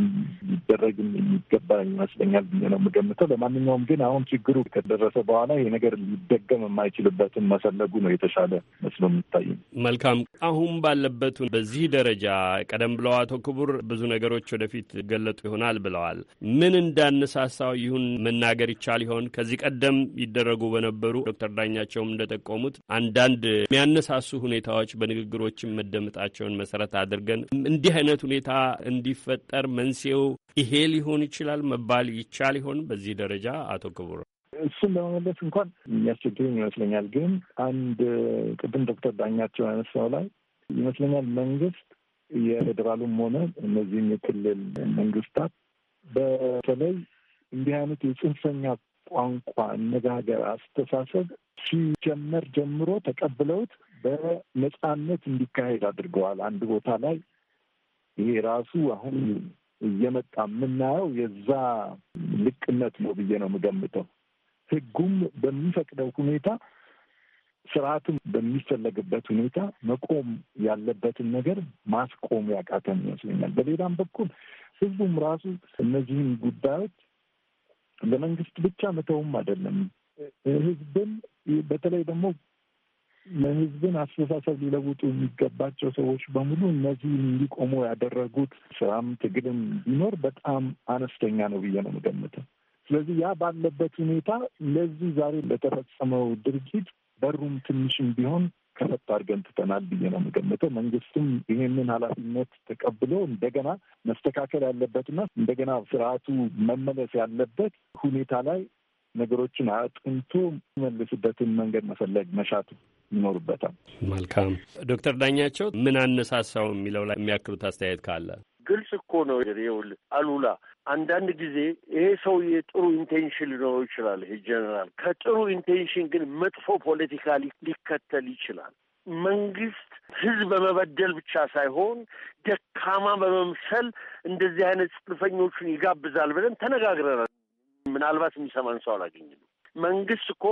ሊደረግም የሚገባ ይመስለኛል ብዬ ነው የምገምተው። ለማንኛውም ግን አሁን ችግሩ ከደረሰ በኋላ ይህ ነገር ሊደገም የማይችልበትን መፈለጉ ነው የተሻለ መስሎ የሚታይ። መልካም አሁን ባለበት በዚህ ደረጃ ቀደም ብለው አቶ ክቡር ብዙ ነገሮች ወደፊት ገለጡ ይሆናል ብለዋል። ምን እንዳነሳሳው ይሁን መናገር ይቻል ይሆን? ከዚህ ቀደም ይደረጉ በነበሩ ዶክተር ዳኛቸውም እንደጠቆሙት አንዳንድ የሚያነሳሱ ሁኔታዎች በንግግሮችም መደመጣቸውን መሰረት አድርገን እንዲህ አይነት ሁኔታ እንዲፈጠር መንስኤው ይሄ ሊሆን ይችላል መባል ይቻል ይሆን? በዚህ ደረጃ አቶ ክቡር እሱን ለመመለስ እንኳን የሚያስቸግርን ይመስለኛል። ግን አንድ ቅድም ዶክተር ዳኛቸው ያነሳው ላይ ይመስለኛል መንግስት የፌዴራሉም ሆነ እነዚህም የክልል መንግስታት በተለይ እንዲህ አይነት የጽንፈኛ ቋንቋ፣ አነጋገር፣ አስተሳሰብ ሲጀመር ጀምሮ ተቀብለውት በነጻነት እንዲካሄድ አድርገዋል። አንድ ቦታ ላይ ይሄ ራሱ አሁን እየመጣ የምናየው የዛ ልቅነት ነው ብዬ ነው የምገምተው። ህጉም በሚፈቅደው ሁኔታ ስርዓቱም በሚፈለግበት ሁኔታ መቆም ያለበትን ነገር ማስቆም ያቃተን ይመስለኛል። በሌላም በኩል ህዝቡም ራሱ እነዚህን ጉዳዮች ለመንግስት ብቻ መተውም አይደለም። ህዝብን በተለይ ደግሞ የህዝብን አስተሳሰብ ሊለውጡ የሚገባቸው ሰዎች በሙሉ እነዚህ እንዲቆሙ ያደረጉት ስራም ትግልም ቢኖር በጣም አነስተኛ ነው ብዬ ነው የምገምተው። ስለዚህ ያ ባለበት ሁኔታ ለዚህ ዛሬ ለተፈጸመው ድርጊት በሩም ትንሽም ቢሆን ከፈት አድርገን ትተናል ብዬ ነው የምገምተው። መንግስትም ይሄንን ኃላፊነት ተቀብሎ እንደገና መስተካከል ያለበትና እንደገና ስርዓቱ መመለስ ያለበት ሁኔታ ላይ ነገሮችን አጥንቶ መልስበትን መንገድ መፈለግ መሻቱ ይኖሩበታል። መልካም ዶክተር ዳኛቸው ምን አነሳሳው የሚለው ላይ የሚያክሉት አስተያየት ካለ ግልጽ እኮ ነው። ይኸውልህ አሉላ አንዳንድ ጊዜ ይሄ ሰውዬ ጥሩ ኢንቴንሽን ሊኖረው ይችላል። ይሄ ጀነራል ከጥሩ ኢንቴንሽን ግን መጥፎ ፖለቲካ ሊከተል ይችላል። መንግስት ህዝብ በመበደል ብቻ ሳይሆን ደካማ በመምሰል እንደዚህ አይነት ጽንፈኞቹን ይጋብዛል ብለን ተነጋግረናል። ምናልባት የሚሰማን ሰው አላገኝም። መንግስት እኮ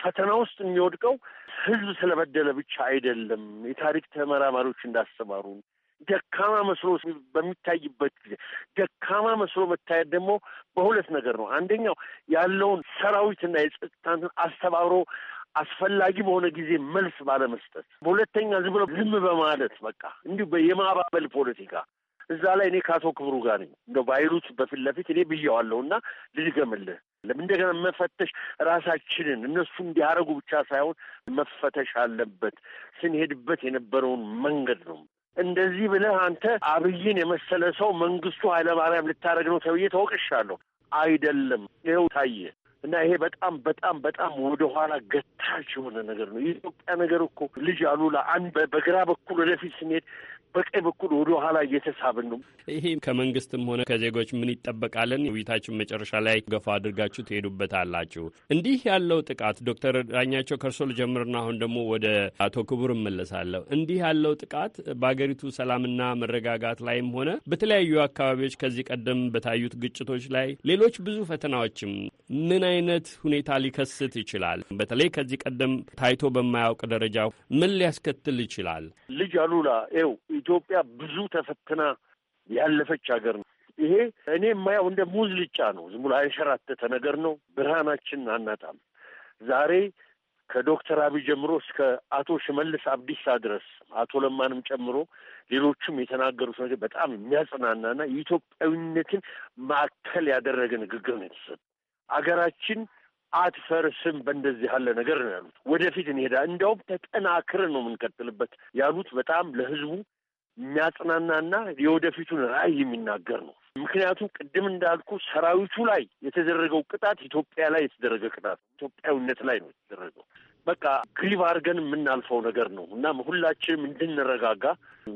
ፈተና ውስጥ የሚወድቀው ህዝብ ስለበደለ ብቻ አይደለም። የታሪክ ተመራማሪዎች እንዳስተማሩን ደካማ መስሎ በሚታይበት ጊዜ ደካማ መስሎ መታየት ደግሞ በሁለት ነገር ነው። አንደኛው ያለውን ሰራዊትና የጸጥታንትን አስተባብሮ አስፈላጊ በሆነ ጊዜ መልስ ባለመስጠት፣ በሁለተኛ ዝም ብሎ ዝም በማለት በቃ እንዲሁ የማባበል ፖለቲካ እዛ ላይ እኔ ከአቶ ክብሩ ጋር ነኝ። እንደው ባይሉት በፊት ለፊት እኔ ብያዋለሁ እና ልድገምልህ እንደገና መፈተሽ ራሳችንን እነሱ እንዲያደርጉ ብቻ ሳይሆን መፈተሽ አለበት። ስንሄድበት የነበረውን መንገድ ነው። እንደዚህ ብለህ አንተ አብይን የመሰለ ሰው መንግስቱ ኃይለማርያም ልታደርግ ነው ተብዬ ተወቅሻለሁ። አይደለም ይኸው ታየ እና ይሄ በጣም በጣም በጣም ወደኋላ ገታች የሆነ ነገር ነው። የኢትዮጵያ ነገር እኮ ልጅ አሉላ አንድ በግራ በኩል ወደፊት ስንሄድ በቀኝ በኩል ወደ ኋላ እየተሳብን ነው። ይሄ ከመንግስትም ሆነ ከዜጎች ምን ይጠበቃለን? ውይይታችን መጨረሻ ላይ ገፋ አድርጋችሁ ትሄዱበት አላችሁ። እንዲህ ያለው ጥቃት ዶክተር ዳኛቸው ከእርሶ ልጀምርና አሁን ደግሞ ወደ አቶ ክቡር እመለሳለሁ። እንዲህ ያለው ጥቃት በአገሪቱ ሰላምና መረጋጋት ላይም ሆነ በተለያዩ አካባቢዎች ከዚህ ቀደም በታዩት ግጭቶች ላይ ሌሎች ብዙ ፈተናዎችም ምን አይነት ሁኔታ ሊከስት ይችላል? በተለይ ከዚህ ቀደም ታይቶ በማያውቅ ደረጃ ምን ሊያስከትል ይችላል? ልጅ አሉላ ው ኢትዮጵያ ብዙ ተፈትና ያለፈች ሀገር ነው። ይሄ እኔ የማየው እንደ ሙዝ ልጫ ነው። ዝም ብሎ አይሸራተተ ነገር ነው። ብርሃናችን አናጣም። ዛሬ ከዶክተር አብይ ጀምሮ እስከ አቶ ሽመልስ አብዲሳ ድረስ አቶ ለማንም ጨምሮ ሌሎቹም የተናገሩት ነገር በጣም የሚያጽናናና የኢትዮጵያዊነትን ማዕከል ያደረገ ንግግር ነው የተሰጠ። አገራችን አትፈርስም በእንደዚህ ያለ ነገር ነው ያሉት። ወደፊት እንሄዳ እንዲያውም ተጠናክረን ነው የምንቀጥልበት ያሉት በጣም ለህዝቡ የሚያጽናናና የወደፊቱን ራዕይ የሚናገር ነው። ምክንያቱም ቅድም እንዳልኩ ሰራዊቱ ላይ የተደረገው ቅጣት ኢትዮጵያ ላይ የተደረገ ቅጣት ኢትዮጵያዊነት ላይ ነው የተደረገው። በቃ ግሪቭ አድርገን የምናልፈው ነገር ነው እና ሁላችንም እንድንረጋጋ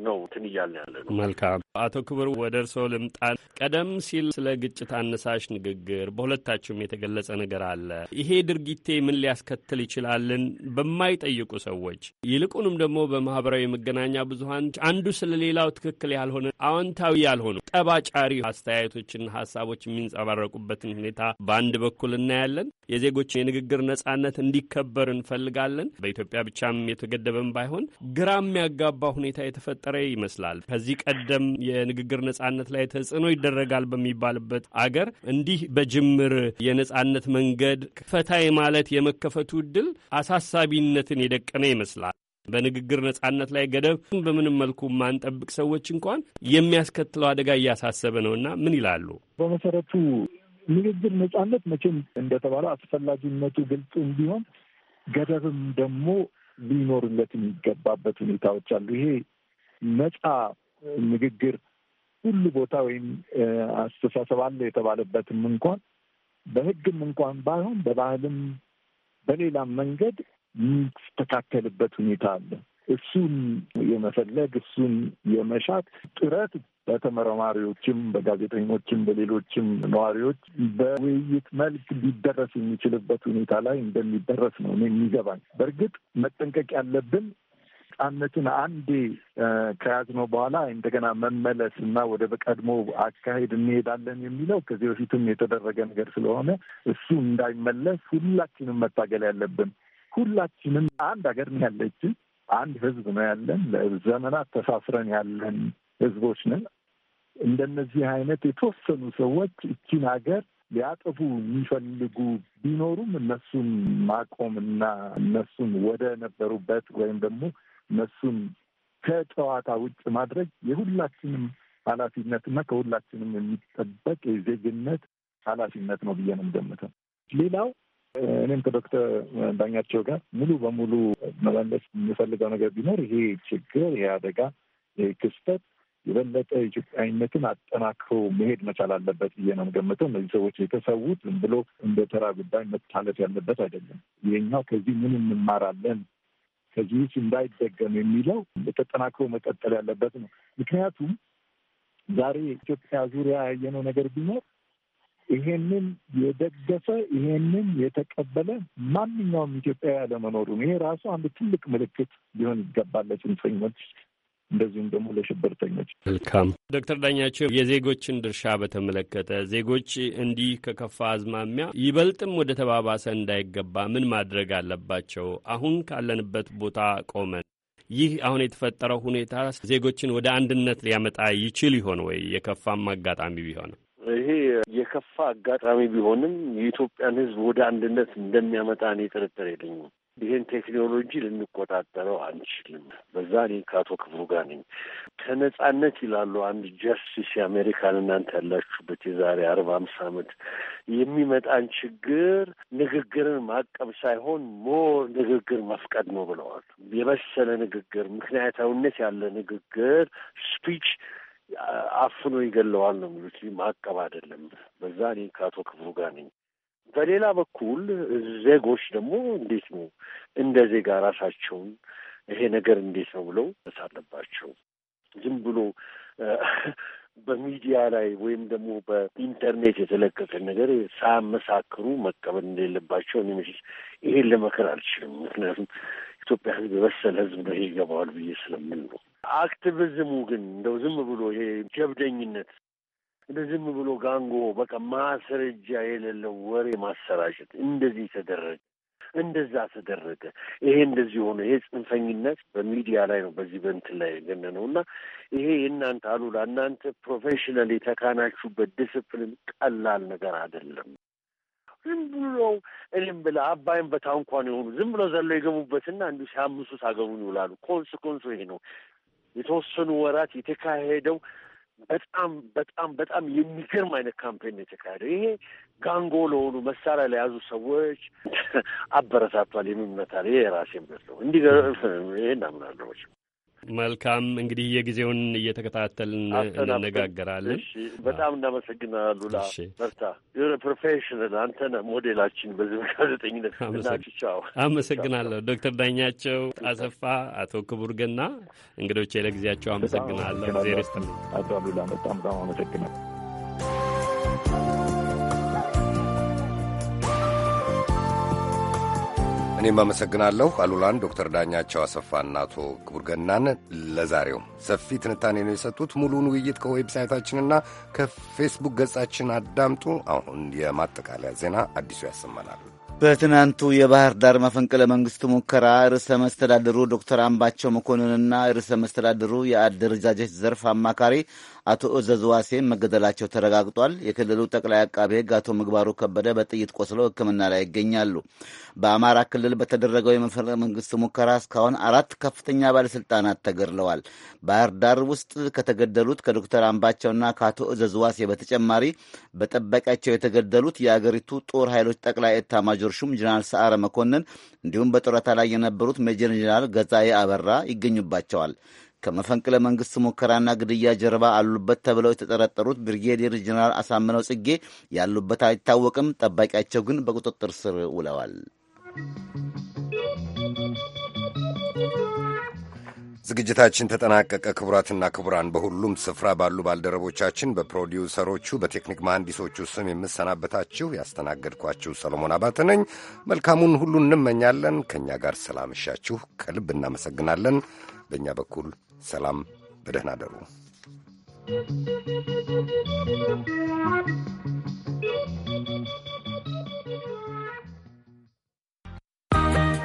ነው እንትን እያለ ያለ ነው። መልካም አቶ ክቡር ወደ እርስዎ ልምጣን። ቀደም ሲል ስለ ግጭት አነሳሽ ንግግር በሁለታችሁም የተገለጸ ነገር አለ። ይሄ ድርጊቴ ምን ሊያስከትል ይችላልን በማይጠይቁ ሰዎች ይልቁንም ደግሞ በማህበራዊ መገናኛ ብዙሀን አንዱ ስለ ሌላው ትክክል ያልሆነ አዎንታዊ ያልሆኑ ጠባጫሪ አስተያየቶችና ሀሳቦች የሚንጸባረቁበትን ሁኔታ በአንድ በኩል እናያለን። የዜጎች የንግግር ነጻነት እንዲከበር እንፈልጋለን። በኢትዮጵያ ብቻም የተገደበም ባይሆን ግራ የሚያጋባ ሁኔታ የተፈ የተፈጠረ ይመስላል። ከዚህ ቀደም የንግግር ነጻነት ላይ ተጽዕኖ ይደረጋል በሚባልበት አገር እንዲህ በጅምር የነጻነት መንገድ ፈታ ማለት የመከፈቱ እድል አሳሳቢነትን የደቀነ ይመስላል። በንግግር ነጻነት ላይ ገደብ በምንም መልኩ የማንጠብቅ ሰዎች እንኳን የሚያስከትለው አደጋ እያሳሰበ ነው እና ምን ይላሉ? በመሰረቱ ንግግር ነጻነት መቼም እንደተባለው አስፈላጊነቱ ግልጽ እንዲሆን ገደብም ደግሞ ሊኖርለት የሚገባበት ሁኔታዎች አሉ። ይሄ ነፃ ንግግር ሁሉ ቦታ ወይም አስተሳሰብ አለ የተባለበትም እንኳን በህግም እንኳን ባይሆን በባህልም በሌላም መንገድ የሚስተካከልበት ሁኔታ አለ። እሱን የመፈለግ እሱን የመሻት ጥረት በተመራማሪዎችም፣ በጋዜጠኞችም፣ በሌሎችም ነዋሪዎች በውይይት መልክ ሊደረስ የሚችልበት ሁኔታ ላይ እንደሚደረስ ነው እኔ የሚገባኝ። በእርግጥ መጠንቀቅ ያለብን ነጻነትን አንዴ ከያዝነው በኋላ እንደገና መመለስ እና ወደ በቀድሞ አካሄድ እንሄዳለን የሚለው ከዚህ በፊትም የተደረገ ነገር ስለሆነ እሱ እንዳይመለስ ሁላችንም መታገል ያለብን ሁላችንም አንድ ሀገር ነው ያለችን፣ አንድ ህዝብ ነው ያለን፣ ለዘመናት ተሳስረን ያለን ህዝቦች ነን። እንደነዚህ አይነት የተወሰኑ ሰዎች እቺን ሀገር ሊያጠፉ የሚፈልጉ ቢኖሩም እነሱን ማቆምና እነሱን ወደ ነበሩበት ወይም ደግሞ እነሱን ከጨዋታ ውጭ ማድረግ የሁላችንም ኃላፊነትና ከሁላችንም የሚጠበቅ የዜግነት ኃላፊነት ነው ብዬ ነው የምገምተው። ሌላው እኔም ከዶክተር ዳኛቸው ጋር ሙሉ በሙሉ መመለስ የምፈልገው ነገር ቢኖር ይሄ ችግር፣ ይሄ አደጋ፣ ይሄ ክስተት የበለጠ ኢትዮጵያዊነትን አጠናክሮ መሄድ መቻል አለበት ብዬ ነው የምገምተው። እነዚህ ሰዎች የተሰዉት ዝም ብሎ እንደ ተራ ጉዳይ መታለፍ ያለበት አይደለም። ይሄኛው ከዚህ ምን እንማራለን ከዚህ ውጭ እንዳይደገም የሚለው ተጠናክሮ መቀጠል ያለበት ነው። ምክንያቱም ዛሬ ኢትዮጵያ ዙሪያ ያየነው ነገር ቢኖር ይሄንን የደገፈ ይሄንን የተቀበለ ማንኛውም ኢትዮጵያዊ ያለመኖሩ ይሄ ራሱ አንድ ትልቅ ምልክት ሊሆን ይገባል ለጽንፈኞች እንደዚሁም ደግሞ ለሽበርተኞች። መልካም ዶክተር ዳኛቸው የዜጎችን ድርሻ በተመለከተ ዜጎች እንዲህ ከከፋ አዝማሚያ ይበልጥም ወደ ተባባሰ እንዳይገባ ምን ማድረግ አለባቸው? አሁን ካለንበት ቦታ ቆመን ይህ አሁን የተፈጠረው ሁኔታ ዜጎችን ወደ አንድነት ሊያመጣ ይችል ይሆን ወይ? የከፋም አጋጣሚ ቢሆንም ይሄ የከፋ አጋጣሚ ቢሆንም የኢትዮጵያን ሕዝብ ወደ አንድነት እንደሚያመጣ እኔ ጥርጥር የለኝም። ይህን ቴክኖሎጂ ልንቆጣጠረው አንችልም። በዛ እኔ ከአቶ ክፍሉ ጋር ነኝ። ከነጻነት ይላሉ አንድ ጀስቲስ የአሜሪካን እናንተ ያላችሁበት የዛሬ አርባ አምስት ዓመት የሚመጣን ችግር ንግግርን ማቀብ ሳይሆን ሞር ንግግር መፍቀድ ነው ብለዋል። የበሰለ ንግግር፣ ምክንያታዊነት ያለ ንግግር ስፒች አፍኖ ይገለዋል ነው የሚሉት። ማቀብ አይደለም። በዛ እኔ ከአቶ ክፍሉ ጋር ነኝ። በሌላ በኩል ዜጎች ደግሞ እንዴት ነው እንደ ዜጋ ራሳቸውን ይሄ ነገር እንዴት ነው ብለው መሳለባቸው ዝም ብሎ በሚዲያ ላይ ወይም ደግሞ በኢንተርኔት የተለቀቀ ነገር ሳያመሳክሩ መቀበል እንደሌለባቸው እኔ መቼስ ይሄን ለመከር አልችልም። ምክንያቱም ኢትዮጵያ ሕዝብ የበሰለ ሕዝብ ነው፣ ይገባዋል ብዬ ስለምን ነው። አክቲቪዝሙ ግን እንደው ዝም ብሎ ይሄ ጀብደኝነት ዝም ብሎ ጋንጎ በቃ ማስረጃ የሌለው ወሬ ማሰራጨት እንደዚህ ተደረገ እንደዛ ተደረገ፣ ይሄ እንደዚህ ሆነ፣ ይሄ ጽንፈኝነት በሚዲያ ላይ ነው በዚህ በእንትን ላይ ገነ ነው እና ይሄ የእናንተ አሉላ እናንተ ፕሮፌሽናል የተካናችሁበት ዲስፕሊን ቀላል ነገር አይደለም። ዝም ብሎ እኔም ብለ አባይም በታንኳን የሆኑ ዝም ብሎ ዘሎ የገቡበትና እንዲሁ ሲያምሱት አገሩን ይውላሉ። ኮንስ ኮንሶ ይሄ ነው የተወሰኑ ወራት የተካሄደው በጣም በጣም በጣም የሚገርም አይነት ካምፔን የተካሄደው ይሄ ጋንጎ ለሆኑ መሳሪያ ለያዙ ሰዎች አበረታቷል የሚመታል። ይሄ የራሴ እምነት ነው። እንዲህ ይሄ አምናለሁ። መልካም እንግዲህ የጊዜውን እየተከታተልን እንነጋገራለን። በጣም እናመሰግናሉ። ላ በርታ ፕሮፌሽናል አንተ ሞዴላችን በዚህ ጋዜጠኝነት ናቸው። አመሰግናለሁ ዶክተር ዳኛቸው አሰፋ፣ አቶ ክቡር ገና እንግዶቼ ለጊዜያቸው አመሰግናለሁ። ዜር አቶ አሉላ በጣም በጣም አመሰግናለሁ። እኔም አመሰግናለሁ አሉላን፣ ዶክተር ዳኛቸው አሰፋና አቶ ክቡር ገናን ለዛሬው ሰፊ ትንታኔ ነው የሰጡት። ሙሉውን ውይይት ከዌብሳይታችንና ከፌስቡክ ገጻችን አዳምጡ። አሁን የማጠቃለያ ዜና አዲሱ ያሰማናል። በትናንቱ የባህር ዳር መፈንቅለ መንግስት ሙከራ ርዕሰ መስተዳድሩ ዶክተር አምባቸው መኮንንና ርዕሰ መስተዳድሩ የአደረጃጀት ዘርፍ አማካሪ አቶ እዘዝዋሴ መገደላቸው ተረጋግጧል። የክልሉ ጠቅላይ አቃቢ ሕግ አቶ ምግባሩ ከበደ በጥይት ቆስለው ሕክምና ላይ ይገኛሉ። በአማራ ክልል በተደረገው የመፈንቅለ መንግስት ሙከራ እስካሁን አራት ከፍተኛ ባለስልጣናት ተገድለዋል። ባህር ዳር ውስጥ ከተገደሉት ከዶክተር አምባቸውና ከአቶ እዘዝዋሴ በተጨማሪ በጠባቂያቸው የተገደሉት የአገሪቱ ጦር ኃይሎች ጠቅላይ ማጆር ሹም ጀኔራል ሰዓረ መኮንን እንዲሁም በጡረታ ላይ የነበሩት ሜጀር ጀኔራል ገዛኤ አበራ ይገኙባቸዋል። ከመፈንቅለ መንግስት ሙከራና ግድያ ጀርባ አሉበት ተብለው የተጠረጠሩት ብሪጌዲየር ጀኔራል አሳምነው ጽጌ ያሉበት አይታወቅም። ጠባቂያቸው ግን በቁጥጥር ስር ውለዋል። ዝግጅታችን ተጠናቀቀ። ክቡራትና ክቡራን፣ በሁሉም ስፍራ ባሉ ባልደረቦቻችን፣ በፕሮዲውሰሮቹ፣ በቴክኒክ መሐንዲሶቹ ስም የምሰናበታችሁ ያስተናገድኳችሁ ሰሎሞን አባተ ነኝ። መልካሙን ሁሉ እንመኛለን። ከእኛ ጋር ስላመሻችሁ ከልብ እናመሰግናለን። በእኛ በኩል ሰላም፣ በደህና አደሩ።